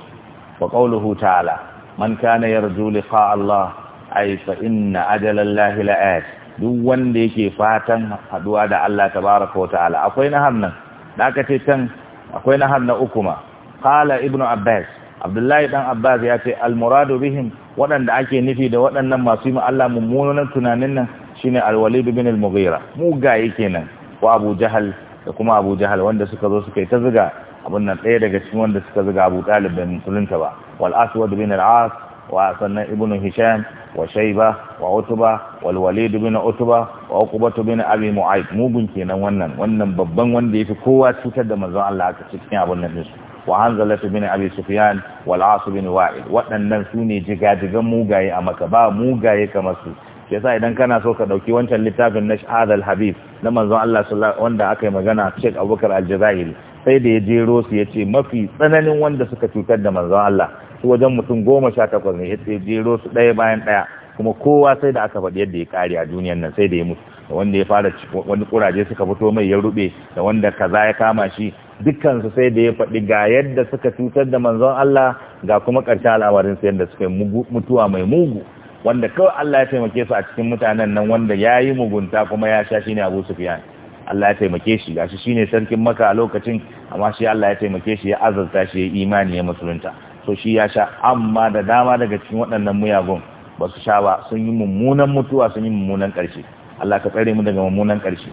wa qawluhu ta'ala man kana yarju liqa Allah ay fa inna ajala Allah la'at duk wanda yake fatan haduwa da Allah tabaaraka ta'ala akwai na hannan da aka ce can akwai na hannan ukuma qala ibnu abbas abdullahi dan abbas ya ce almuradu bihim waɗanda ake nufi da waɗannan masu yi Allah mummunan tunanin nan shine alwalid bin al-mughira yake kenan wa abu jahal da kuma abu jahal wanda suka zo suka yi ta zuga abin nan ɗaya daga cikin wanda suka zuga abu talib bin musulunta ba wal aswad bin al-as wa sannan ibnu hisham wa shayba wa utba wal walid bin utba wa uqbah bin abi mu mugun kenan wannan wannan babban wanda yafi kowa cutar da manzon Allah aka cikin abin nan su wa hanzalatu bin abi sufyan wal as bin wa'il waɗannan sune ne jigajigan mugaye a maka ba mugaye kamar su yasa idan kana so ka dauki wancan littafin na shahadar habib na manzon Allah wanda aka yi magana Sheikh Abubakar al-Jazairi sai da ya jero su yace mafi tsananin wanda suka cutar da manzon Allah su wajen mutum goma sha takwas ne yace jero su bayan ɗaya kuma kowa sai da aka faɗi yadda ya kare a duniyar nan sai da ya mutu da wanda ya fara wani kuraje suka fito mai ya rube da wanda kaza ya kama shi dukkansu sai da ya faɗi ga yadda suka cutar da manzon Allah ga kuma ƙarshen al'amarin su yadda suka yi mutuwa mai mugu wanda kawai Allah ya taimake su a cikin mutanen nan wanda ya yi mugunta kuma ya sha shine Abu Sufyan Allah ya taimake shi Ga shi shine sarkin maka a lokacin amma shi Allah ya taimake shi ya azurta shi ya imani ya musulunta so shi ya sha amma da dama daga cikin waɗannan muyagun ba su sha ba sun yi mummunan mutuwa sun yi mummunan ƙarshe Allah ka tsare mu daga mummunan ƙarshe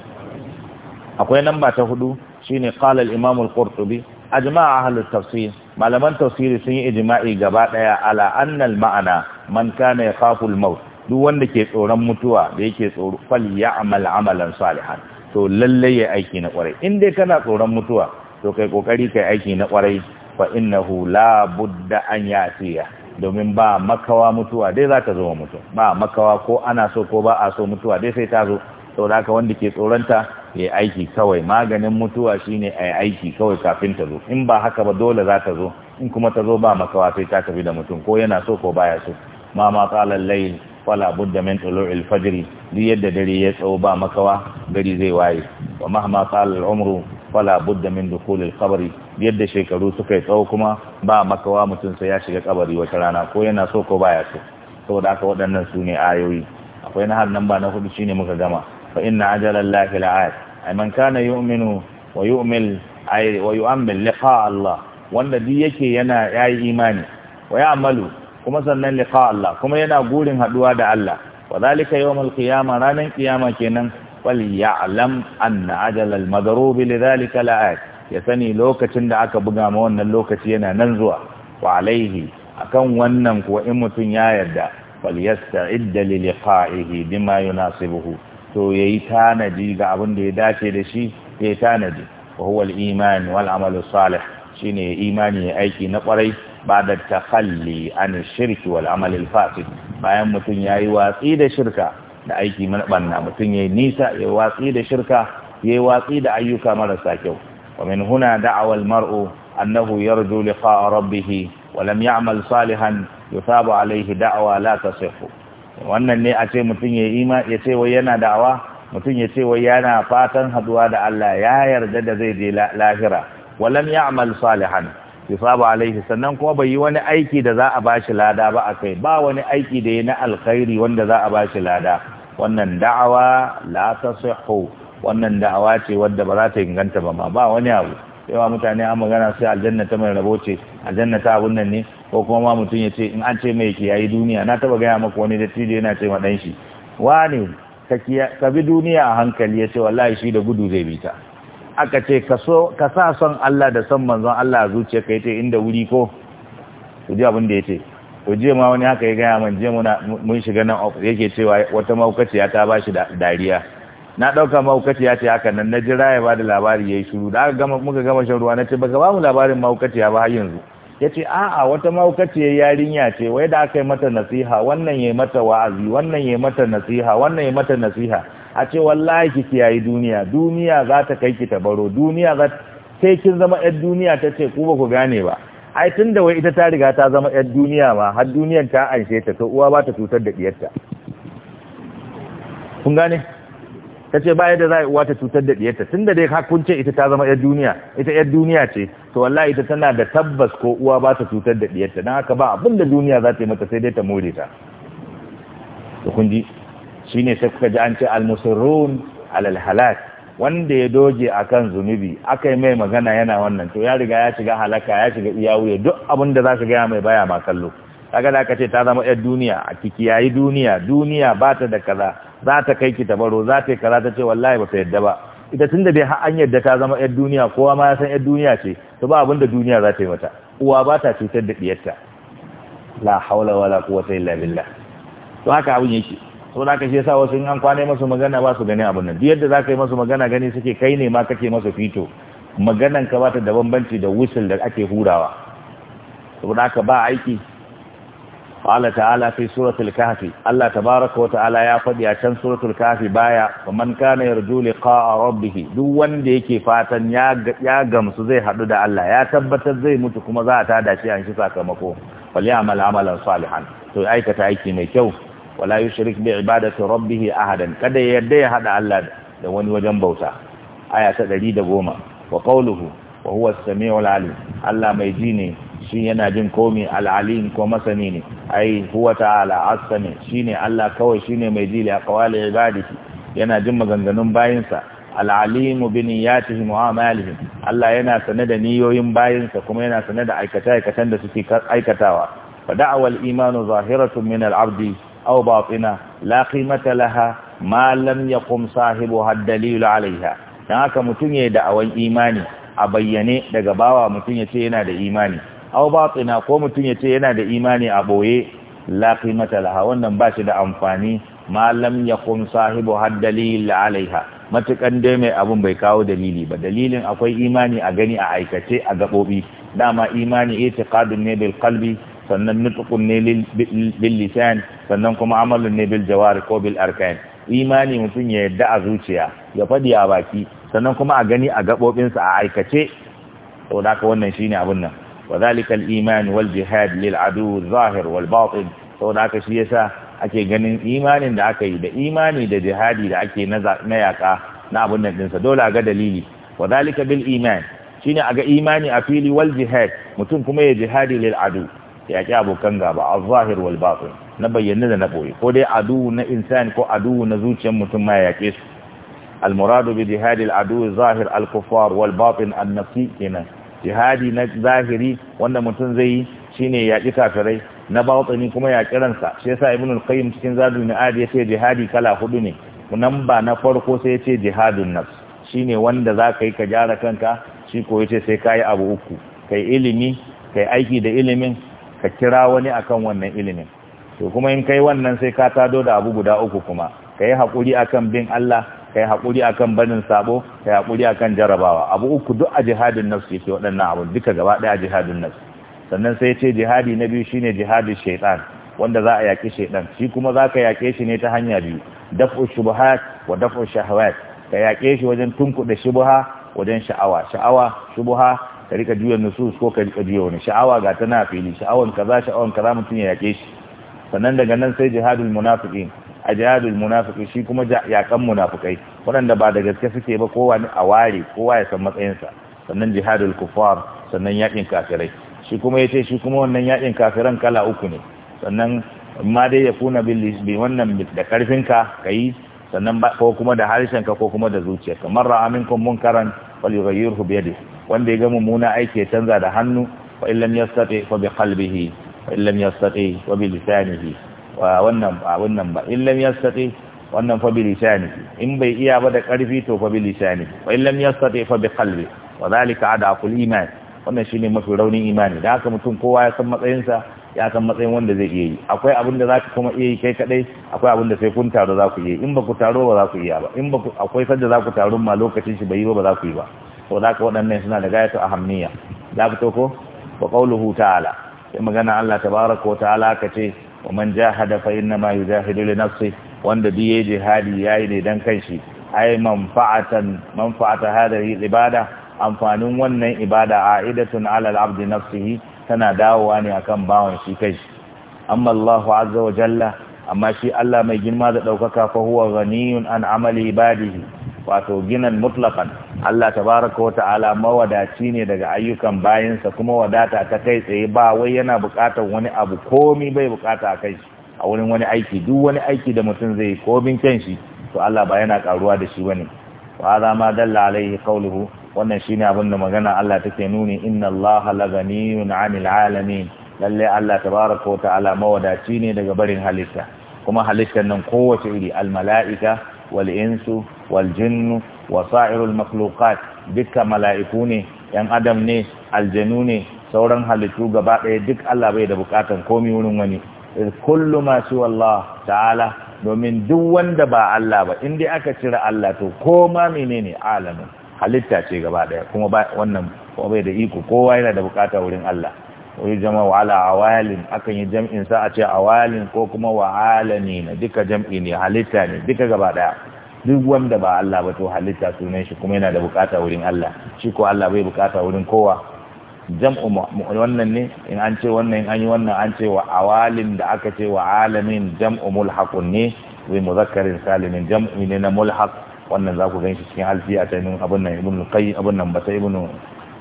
akwai lamba ta hudu shine qala al-imam al-qurtubi ajma'a ahlul tafsir malaman tafsiri sun yi ijma'i gaba daya ala anna al-ma'ana man kana yakhafu al-maut duk wanda ke tsoron mutuwa da yake tsoro fal ya'mal amalan salihan to lalle ya aiki na kwarai in dai kana tsoron mutuwa to kai kokari kai aiki na kwarai fa innahu la budda an yasiya domin ba makawa mutuwa dai za ta zo mutum ba makawa ko ana so ko ba a so mutuwa dai sai ta zo saboda haka wanda ke tsoronta ya aiki kawai maganin mutuwa shine a aiki kawai kafin ta zo in ba haka ba dole za ta zo in kuma ta zo ba makawa sai ta tafi da mutum ko yana so ko baya so ma ma qalan layl wala budda min tulu'il fajr duk yadda dare ya tsawo ba makawa gari zai waye wa mahma umru wala budda min dukhulil qabri yadda shekaru suka yi tsawo kuma ba makawa mutum sai ya shiga kabari wata rana ko yana so ko baya so saboda haka waɗannan su ne ayoyi akwai na har nan ba na hudu shine muka gama فإن عجل الله لعاد أي من كان يؤمن ويؤمل أي ويؤمل لقاء الله والذي يكي ينا أي إيماني ويعمل كما سنن لقاء الله كما ينا قولن هدوا دع الله وذلك يوم القيامة رانا قيامة كنا وليعلم أن عجل المضروب لذلك لعاد يسني لوكة دعك بقامون اللوكة ينا ننزوى وعليه أكون وننك وإمة يا يدى فليستعد للقائه بما يناسبه to yayi tanadi ga abin da ya dace da shi ya tanadi wa huwa al-iman wal amalu salih shine imani ya aiki na kwarai ba da takhalli an shirki wal amal al fasid bayan mutun yayi watsi da shirka da aiki mana banna mutun yayi nisa ya watsi da shirka yayi watsi da ayyuka marasa kyau wa min huna da'awa al mar'u annahu yarju liqa'a rabbih wa lam ya'mal salihan yusabu alayhi da'wa la tasihhu wannan ne a ce mutum ya ima ya ce wai yana da'awa mutum ya ce wai yana fatan haduwa da Allah ya yarda da zai je lahira walam ya'mal salihan yusabu alaihi sannan kuma bai yi wani aiki da za a bashi lada ba akai ba wani aiki da ya na alkhairi wanda za a bashi lada wannan da'awa la tasihhu wannan da'awa ce wadda ba za ta inganta ba ma ba wani abu yawa mutane an magana sai aljanna ta mai rabo ce aljanna ta abun nan ne ko kuma ma mutum ya ce in an ce mai ke kiyayi duniya na taba gaya maka wani dattijo yana ce dan shi wani ka bi duniya a hankali ya ce wallahi shi da gudu zai bi ta aka ce ka sa son Allah da son manzon Allah a zuciya ka yace inda wuri ko ku ji abin da yace ku je ma wani haka ya gaya man je muna mun shiga nan yake cewa wata maukaciya ta bashi dariya na ɗauka maukaciya ce haka nan na jira ya da labari yayi shiru da aka gama muka gama shan ruwa na ce baka ba mu labarin maukaciya ba har yanzu ya ce a'a wata mahaukaciyar yarinya ce wai da aka yi mata nasiha wannan ya mata wa'azi wannan ya mata nasiha wannan ya mata nasiha a ce wallahi ki kiyaye duniya duniya za ta kai ki tabaro duniya za sai kin zama yar duniya ta ce ku ba ku gane ba ai tun da wai ita ta riga ta zama yar duniya ba har duniyar ta anshe ta to uwa ba ta cutar da diyarta kun gane ta ce baya da za a wata cutar da ɗiyarta tun da dai hakunce ita ta zama 'yar duniya ita 'yar duniya ce to wallahi ita tana da tabbas ko uwa ba ta cutar da ɗiyarta don haka ba abin da duniya za ta yi mata sai dai ta more ta to shi ne sai kuka ji an ce almusirrun alal wanda ya doge kan zunubi aka yi mai magana yana wannan to ya riga ya shiga halaka ya shiga iya wuya duk abin da za su gaya mai baya ma kallo kaga da aka ce ta zama 'yar duniya a kiki yi duniya duniya ba ta da kaza za ta kai ki tabaro za ta yi kara ta ce wallahi ba ta yadda ba ita tun da dai har an yadda ta zama yar duniya kowa ma ya san yar duniya ce to ba abin da duniya za ta yi mata uwa ba ta cutar da diyarta la haula wala quwwata illa billah to haka abin yake da ka shi yasa wasu in an kwane masu magana ba su gani abin nan duk yadda za ka yi masu magana gani suke kai ne ma kake masa fito maganan ka ta da bambanci da whistle da ake hurawa saboda haka ba aiki قال تعالى في سورة الكهف الله تبارك وتعالى يا فدي عشان سورة الكهف بايا ومن كان يرجو لقاء ربه دو وندي كي فاتن يا يا غمس زي حدو دا الله يا تبتر زي متو كما ذا تادا شي ان شي ساكمكو فليعمل عملا صالحا تو ايكتا ايكي مي كيو ولا يشرك بعبادة ربه احدا kada yadda ya hada Allah da wani wajen bauta aya ta 110 wa qawluhu wa huwa as-sami'ul 'alim Allah mai ji ne shi yana jin komi al'alim ko masani ne ai huwa ta'ala asami shine Allah kawai shine mai ji li aqwali ibadihi yana jin maganganun bayinsa al'alimu bi niyyatihim wa amalihim Allah yana sane da niyoyin bayansa kuma yana sane da aikata-aikatan da suke aikatawa fa da'awa imanu zahiratun min al-'abdi aw batina la qimata laha ma lam yaqum sahibu ad dalilu 'alayha dan haka ya da da'awan imani a bayyane daga bawa mutum ya ce yana da imani aw batina ko mutum ya ce yana da imani a boye la qimata laha wannan ba shi da amfani malam lam yakun sahibu haddalil alaiha matukan dai mai abun bai kawo dalili ba dalilin akwai imani a gani a aikace a gabobi dama imani itiqadun ne bil qalbi sannan nutqun ne bil lisan sannan kuma amalun ne bil jawari ko bil arkan imani mutum ya yadda a zuciya ya fadi a baki sannan kuma a gani a gabobinsa a aikace da ka wannan shine abun nan wa zalika al wal jihad lil adu zahir haka shi yasa ake ganin imanin da aka yi da imani da jihadi da ake na na abun nan dole a ga dalili wa zalika bil iman shine a ga imani a fili wal jihad mutum kuma ya jihadi lil adu ya ki abokan gaba a zahir wal batin na bayyana da na boye ko dai adu na insan ko adu na zuciyar mutum ma ya yake su al muradu bi jihadil adu zahir al kufar wal batin an nafsi kenan jihadi na zahiri wanda mutum zai yi shine yaƙi kafirai na bautsani kuma yaƙi ransa shi yasa ibnul qayyim cikin zadul mi'ad yace jihadi kala hudu ne nan ba na farko sai yace jihadun nafs shine wanda za ka yi ka gyara kanka shi ko yace sai ka yi abu uku kai ilimi kai aiki da ilimin ka kira wani akan wannan ilimin to kuma in kai wannan sai ka tado da abu guda uku kuma ka yi hakuri akan bin Allah kai hakuri akan banin sabo kai hakuri akan jarabawa abu uku duk a jihadin nafsi yake waɗannan abu duka gaba ɗaya a jihadin nafsi sannan sai ce jihadi na biyu shine jihadin shaitan wanda za a yaƙi shaitan shi kuma za ka yaƙe shi ne ta hanya biyu daf'u shubuhat wa daf'u shahawat ka yaƙe shi wajen tunkuɗe shubuha wajen sha'awa sha'awa shubuha ka rika juya nusus ko ka rika juya wani sha'awa ga tana fili sha'awan kaza sha'awan kaza mutum ya yaƙe shi sannan daga nan sai jihadul munafiqin a jihadul munafiki shi kuma yakan munafikai waɗanda ba da gaske suke ba kowa a ware kowa ya san matsayinsa sannan jihadul kufar sannan yakin kafirai shi kuma ya ce shi kuma wannan yakin kafiran kala uku ne sannan ma dai ya kuna bi wannan da karfinka ka yi sannan ko kuma da harshenka ko kuma da zuciya kamar ra'a minkum munkaran falyughayyirhu bi yadihi wanda ya ga mummuna aiki ya canza da hannu fa illam yastati fa bi qalbihi fa illam yastati wa bi lisanihi wannan wannan ba in lam yastati wannan fa bi lisani in bai iya ba da karfi to fa bi lisani wa in lam yastati fa bi qalbi wa zalika adaful iman wannan shine mafi raunin imani da haka mutum kowa ya san matsayinsa ya san matsayin wanda zai iya yi akwai abin da zaka kuma iya yi kai kadai akwai abin da sai kun taro za ku yi in ba ku taro ba za ku iya ba in ba akwai sanda za ku taro ma lokacin shi bai yi ba ba za ku yi ba to za ka waɗannan suna da gayatu ahammiya za ku to ko wa qauluhu ta'ala sai magana Allah tabaraka wa ta'ala ka wa man jahada fa innama yujahidu li nafsi wanda biye jihadi yayi ne dan kanshi ay manfa'atan manfa'ata hadhihi ibada amfanin wannan ibada a'idatun ala al-abdi nafsihi tana dawowa ne akan bawan shi kai amma Allah azza wa jalla amma shi Allah mai girma da ɗaukaka fa huwa ghaniyun an amali ibadihi wato ginan mutlaqan Allah tabaraka wata'ala mawadaci ne daga ayyukan bayansa, kuma wadata ta kai tsaye ba wai yana buƙatar wani abu komi bai buƙata a kai a wurin wani aiki duk wani aiki da mutum zai komin kyan shi to Allah ba yana karuwa da shi bane wa hadha ma dalla alaihi qawluhu wannan shine abin da magana Allah take nuni inna Allah la 'anil 'alamin lalle Allah tabaraka wata'ala mawadaci ne daga barin halitta kuma halittar nan kowace iri almala'ika wal waljinnu Waljinnu, Wasa'irul, wa sa'irul makhlukat dukkan mala'iku ne yan adam ne aljanu ne sauran halittu gaba ɗaya duk Allah bai da bukatan komi wurin wani kullu masu shi wallah ta'ala domin duk wanda ba Allah ba in aka cire Allah to koma menene alamin halitta ce gaba ɗaya kuma wannan bai da iko kowa yana da bukata wurin Allah wai jama wa ala awalin akan yi jam'in sa a ce awalin ko kuma wa alani na duka jam'i ne halitta ne duka gaba daya duk wanda ba Allah ba to halitta sunan shi kuma yana da bukata wurin Allah shi ko Allah bai bukata wurin kowa jam'u wannan ne in an ce wannan in an yi wannan an ce wa awalin da aka ce wa alamin jam'u mulhaqun ne wai muzakkarin salimin jam'u ne na mulhaq wannan za ku gan shi cikin alfiya ta abin nan ibnu qayyim abin nan ta ibnu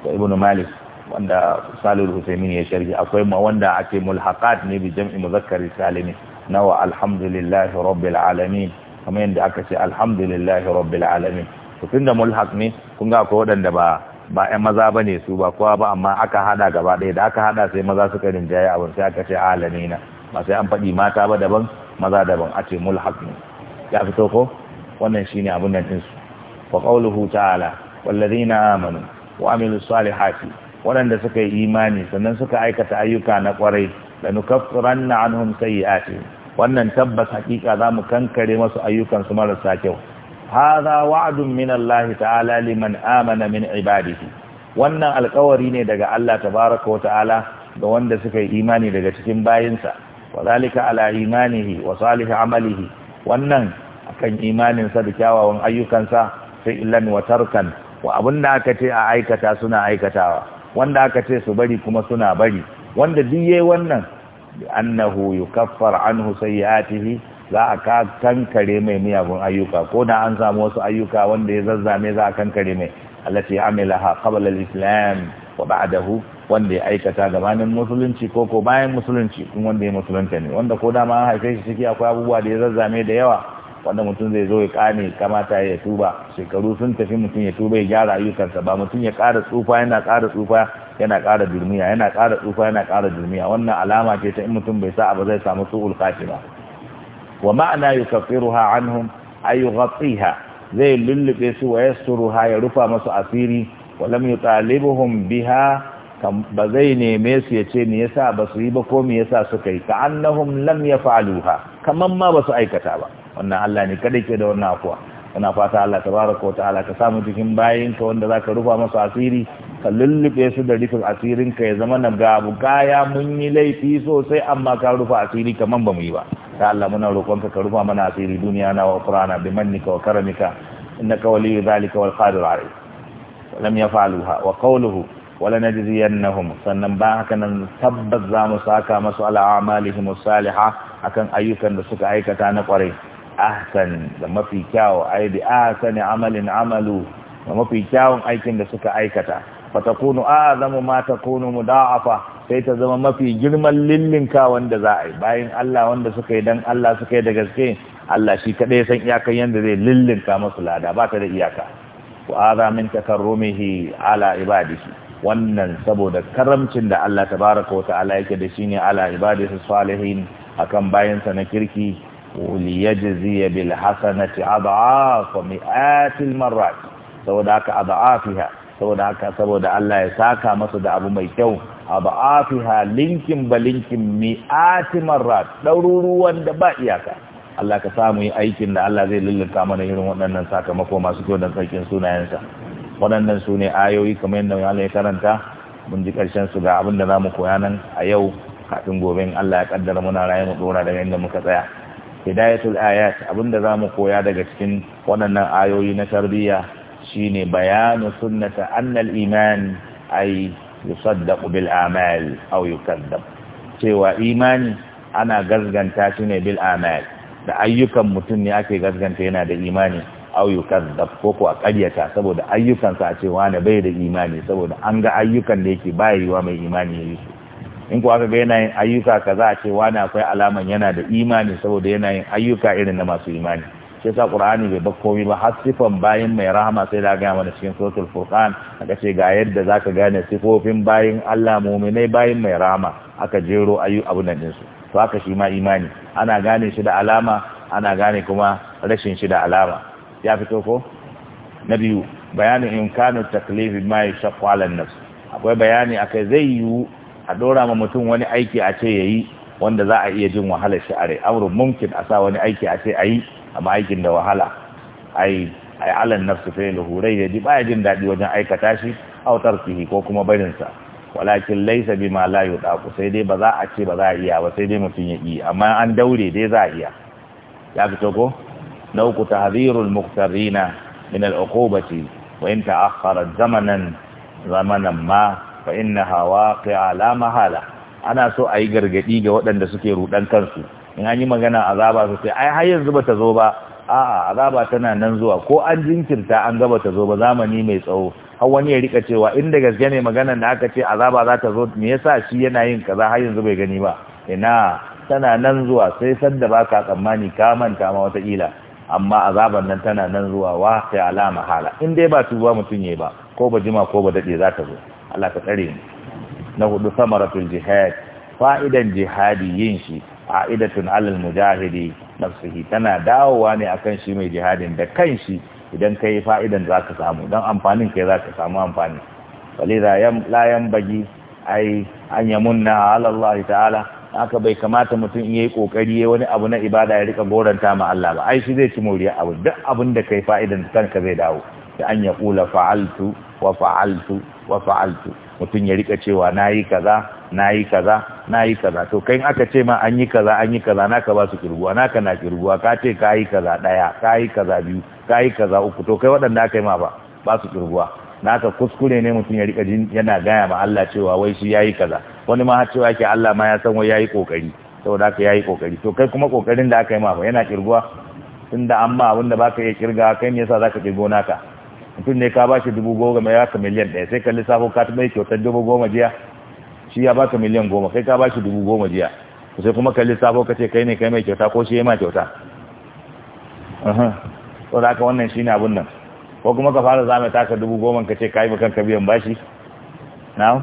ibnu malik wanda salul husaimin ya sharhi akwai ma wanda ake mulhaqat ne bi jam'i muzakkari salimi nawa alhamdulillahi rabbil alamin kamar yadda aka ce alhamdulillahi rabbil alamin to tunda mulhaq ne kun ga akwai waɗanda ba ba ƴan maza bane su ba kowa ba amma aka haɗa gaba ɗaya da aka haɗa sai maza suka rinjaye abin sai aka ce alamina ba sai an faɗi mata ba daban maza daban a ce mulhaq ne ya fito ko wannan ne abin nan din su wa qawluhu ta'ala والذين آمنوا وعملوا الصالحات waɗanda suka yi imani sannan suka aikata ayyuka na ƙwarai da nukafiran na ya ce wannan tabbas hakika za mu kankare masu ayyukan su marasa kyau hadha wa'dun min Allah ta'ala liman amana min ibadihi wannan alƙawari ne daga Allah tabaraka wa ta'ala ga wanda suka yi imani daga cikin bayinsa wa zalika ala imanihi wa salih amalihi wannan akan sa da kyawawan ayyukansa sai illan wa tarkan wa abinda aka ce a aikata suna aikatawa wanda aka ce su bari kuma suna bari wanda duk yayi wannan annahu yukaffar anhu sayyi'atihi za a ka kankare mai miyagun ayyuka ko da an samu wasu ayyuka wanda ya zazzame za a kankare mai allati amilaha qabla al-islam wa ba'dahu wanda ya aikata gabanin musulunci ko ko bayan musulunci kun wanda ya musulunta ne wanda ko da ma an haife shi ciki akwai abubuwa da ya zazzame da yawa wanda mutum zai zo ya kame kamata ya tuba shekaru sun tafi mutum ya tuba ya gyara ayyukansa ba mutum ya ƙara tsufa yana ƙara tsufa yana ƙara durmiya yana ƙara tsufa yana ƙara durmiya wannan alama ce ta in mutum bai sa ba zai samu su'ul ba. wa ma'ana yukaffiruha anhum ay yughatiha zai lullube su wa yasturuha ya rufa masu asiri wa lam yutalibuhum biha ba zai neme su ya ce me yasa ba su yi ba ko me yasa suka yi ka annahum lam yafaluha kaman ma ba su aikata ba wannan Allah ne kada ke da wannan afuwa muna fata Allah tabaraka wa ta'ala ka samu cikin ka wanda zaka rufa masu asiri ka lullube su da rufin asirin ka ya zama na ga abu kaya mun yi laifi sosai amma ka rufa asiri kaman ba mu yi ba ta Allah muna roƙon ka rufa mana asiri duniya na wa qur'ana bi mannika wa karamika innaka waliyyu zalika wal qadir alayh lam yafaluha wa qawluhu wala najziyannahum sannan ba haka nan tabbas za mu saka masu ala amalihim salihah akan ayyukan da suka aikata na kwarai ahsan da mafi ai bi ahsani amalin amalu da mafi kyawun aikin da suka aikata a azamu ma takunu mudaafa sai ta zama mafi girman lillinka wanda za a yi bayan Allah wanda suka yi dan Allah suka yi da gaske Allah shi kadai san iyakan yanda zai lillinka masu lada ba ta da iyaka wa azamin takarrumihi ala ibadihi wannan saboda karamcin da Allah tabaraka wa ta'ala yake da shi ne ala ibadihi salihin akan bayansa na kirki وليجزي بالحسنة أضعاف مئات المرات saboda haka adafiha saboda haka saboda Allah ya saka masa da abu mai kyau adafiha linkin balinkin mi'ati marrat ɗaruruwan da ba iyaka Allah ka samu yi aikin da Allah zai lullunta mana irin waɗannan sakamako masu kyau da sarkin sunayensa waɗannan su ne ayoyi kamar yadda Allah ya karanta mun ji ƙarshen su ga abin da za mu koya nan a yau kafin gobe Allah ya kaddara muna raye mu dora daga inda muka tsaya hidayatul ayat abinda za mu koya daga cikin waɗannan ayoyi na tarbiyya shine bayanu sunnata annal iman ay yusaddaqu bil amal aw cewa imani ana gazganta shi ne bil amal da ayyukan mutum ne ake gazganta yana da imani aw yukazzab ko ko a ƙaryata saboda ayyukansa a cewa ne bai da imani saboda an ga ayyukan da yake bayarwa mai imani yayi in ko aka ga yana yin ayyuka kaza a ce wani akwai alaman yana da imani saboda yana yin ayyuka irin na masu imani shi sa qur'ani bai bar komai ba har sifan bayin mai rahama sai da gaya mana cikin suratul furqan aka ce ga yadda zaka gane sifofin bayin Allah mu'minai bayin mai rahama aka jero ayu abun nan din to haka shi ma imani ana gane shi da alama ana gane kuma rashin shi da alama ya fito ko na biyu bayanin in taklif ma mai ala nafs akwai bayani akai zai yiwu a ɗora ma mutum wani aiki a ce yayi wanda za a iya jin wahalar shi are amrun mumkin a sa wani aiki a ce ayi amma aikin da wahala ai ai alan nafsu fa lahu ya yaji baya jin daɗi wajen aikata shi aw tarkihi ko kuma barin sa walakin laysa ma la yutaqu sai dai ba za a ce ba za a iya ba sai dai mutum ya yi amma an daure dai za a iya ya fito ko na uku tahzirul muqtarina min al-uqubati wa in ta'akhkhara zamanan zamanan ma fa hawa waqi'a la mahala ana so ayi gargadi ga waɗanda suke rudan kansu in an yi magana azaba su sai ai har yanzu bata zo ba a'a azaba tana nan zuwa ko an jinkirta an gaba ta zo ba zamani mai tsawo har wani ya rika cewa in inda gaske ne maganar da aka ce azaba za ta zo me yasa shi yana yin kaza har yanzu bai gani ba ina tana nan zuwa sai sanda baka tsammani ka manta ma wata kila amma azaban nan tana nan zuwa wa sai alama hala in dai ba tuba mutun yayi ba ko ba jima ko ba dade za ta zo Allah ka tsare ni na hudu samaratul jihad fa'idan jihadi yin shi a'idatun alal mujahidi nafsihi tana dawowa ne akan shi mai jihadin da kan shi idan kai fa'idan zaka samu dan amfanin kai zaka samu amfani walidha la bagi ai an yamunna ala Allah ta'ala haka bai kamata mutum in yayi kokari ya wani abu na ibada ya rika goranta ma Allah ba ai shi zai ci moriya abu duk abin da kai fa'idan kanka zai dawo da an ya kula fa'altu wa fa'altu wa fa'altu mutum ya rika cewa nayi kaza yi kaza yi kaza to kai aka ce ma an yi kaza an yi kaza naka ba su kirguwa naka na kirguwa ka ce yi kaza daya yi kaza biyu yi kaza uku to kai waɗanda aka yi ma ba ba su kirguwa naka kuskure ne mutum ya rika jin yana gaya ma Allah cewa wai shi yayi kaza wani ma har cewa yake Allah ma ya san wai yayi kokari saboda haka yayi kokari to kai kuma kokarin da aka yi ma ba yana kirguwa tunda amma abin da baka iya kirga kai me yasa zaka kirgo naka mutum ne ka bashi dubu goma ya ka miliyan ɗaya sai ka lissafo ka ta mai kyautar dubu goma jiya shi ya baka miliyan goma kai ka bashi dubu goma jiya sai kuma ka lissafo ka ce kai ne kai mai kyauta ko shi ya ma kyauta to da haka wannan shi ne abun nan ko kuma ka fara zame taka dubu goma ka ce ka yi bakan ka biyan bashi na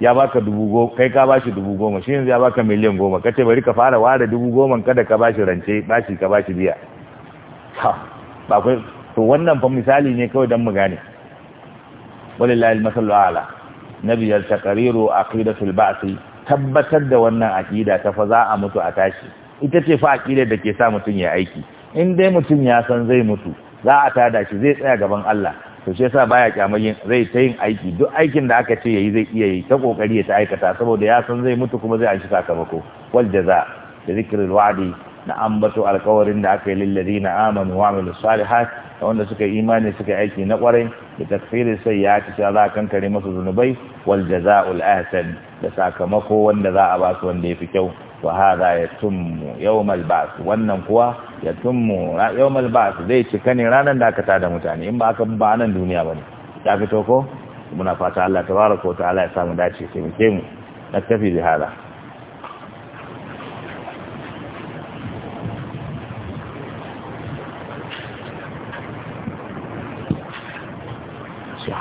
ya baka dubu goma kai ka bashi dubu goma shi yanzu ya baka miliyan goma ka ce bari ka fara ware dubu goma kada ka bashi rance bashi ka bashi biya ba kai to wannan fa misali ne kawai don mu gane walillahi masallu ala na biyar taqriru aqidatul ba'thi tabbatar da wannan aqida ta fa za a mutu a tashi ita ce fa aqidar da ke sa mutun ya aiki in dai mutun ya san zai mutu za a tada shi zai tsaya gaban Allah to shi yasa baya kyamar zai ta yin aiki duk aikin da aka ce yayi zai iya yi ta kokari ya ta aikata saboda ya san zai mutu kuma zai an shi sakamako wal jaza da zikrul wa'di na ambato alkawarin da aka yi lil ladina amanu wa amilus salihat da wanda suka yi imani suka aiki na kwarai da takfirin sai ya ci za a kankare masu zunubai wal jaza'ul ahsan da sakamako wanda za a ba su wanda ya fi kyau wa hadha yatimmu yawmal ba'th wannan kuwa yatimmu yawmal ba'th zai cika ne ranar da aka tada mutane in ba aka ba nan duniya ne ya fito ko muna fata Allah tabaraka wa ta'ala ya samu dace sai mu ke mu naktafi bi hada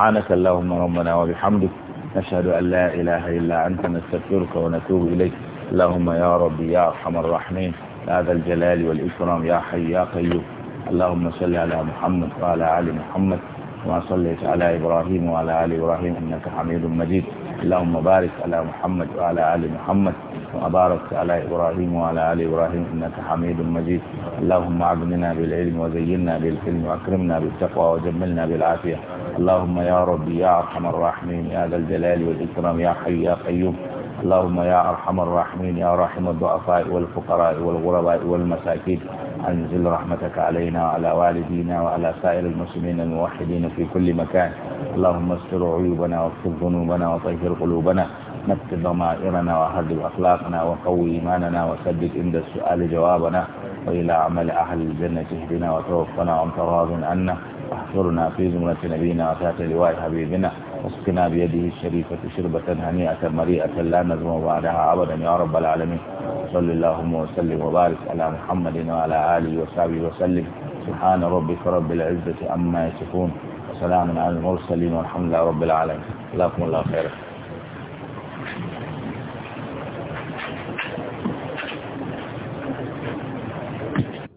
سبحانك اللهم ربنا وبحمدك نشهد أن لا إله إلا أنت نستغفرك ونتوب إليك اللهم يا ربي يا أرحم الراحمين يا ذا الجلال والإكرام يا حي يا قيوم اللهم صل على محمد وعلى آل محمد كما صليت على إبراهيم وعلى آل إبراهيم إنك حميد مجيد اللهم بارك على محمد وعلى آل محمد وبارك على إبراهيم وعلى آل إبراهيم إنك حميد مجيد اللهم أعذنا بالعلم وزينا بالحلم وأكرمنا بالتقوى وجملنا بالعافية اللهم يا ربي يا أرحم الراحمين يا ذا الجلال والإكرام يا حي يا قيوم اللهم يا أرحم الراحمين يا راحم الضعفاء والفقراء والغرباء والمساكين أنزل رحمتك علينا وعلى والدينا وعلى سائر المسلمين الموحدين في كل مكان اللهم استر عيوبنا واغفر ذنوبنا وطهر قلوبنا مت ضمائرنا وهذب أخلاقنا وقوي إيماننا وسدد عند السؤال جوابنا وإلى عمل أهل الجنة اهدنا وتوفنا عن راض عنا واحشرنا في زمرة نبينا وتحت لواء حبيبنا واسقنا بيده الشريفة شربة هنيئة مريئة لا نزم بعدها أبدا يا رب العالمين صل اللهم وسلم وبارك على محمد وعلى آله وصحبه وسلم سبحان ربك رب العزة أما يصفون وسلام على المرسلين والحمد لله رب العالمين جزاكم الله خيرا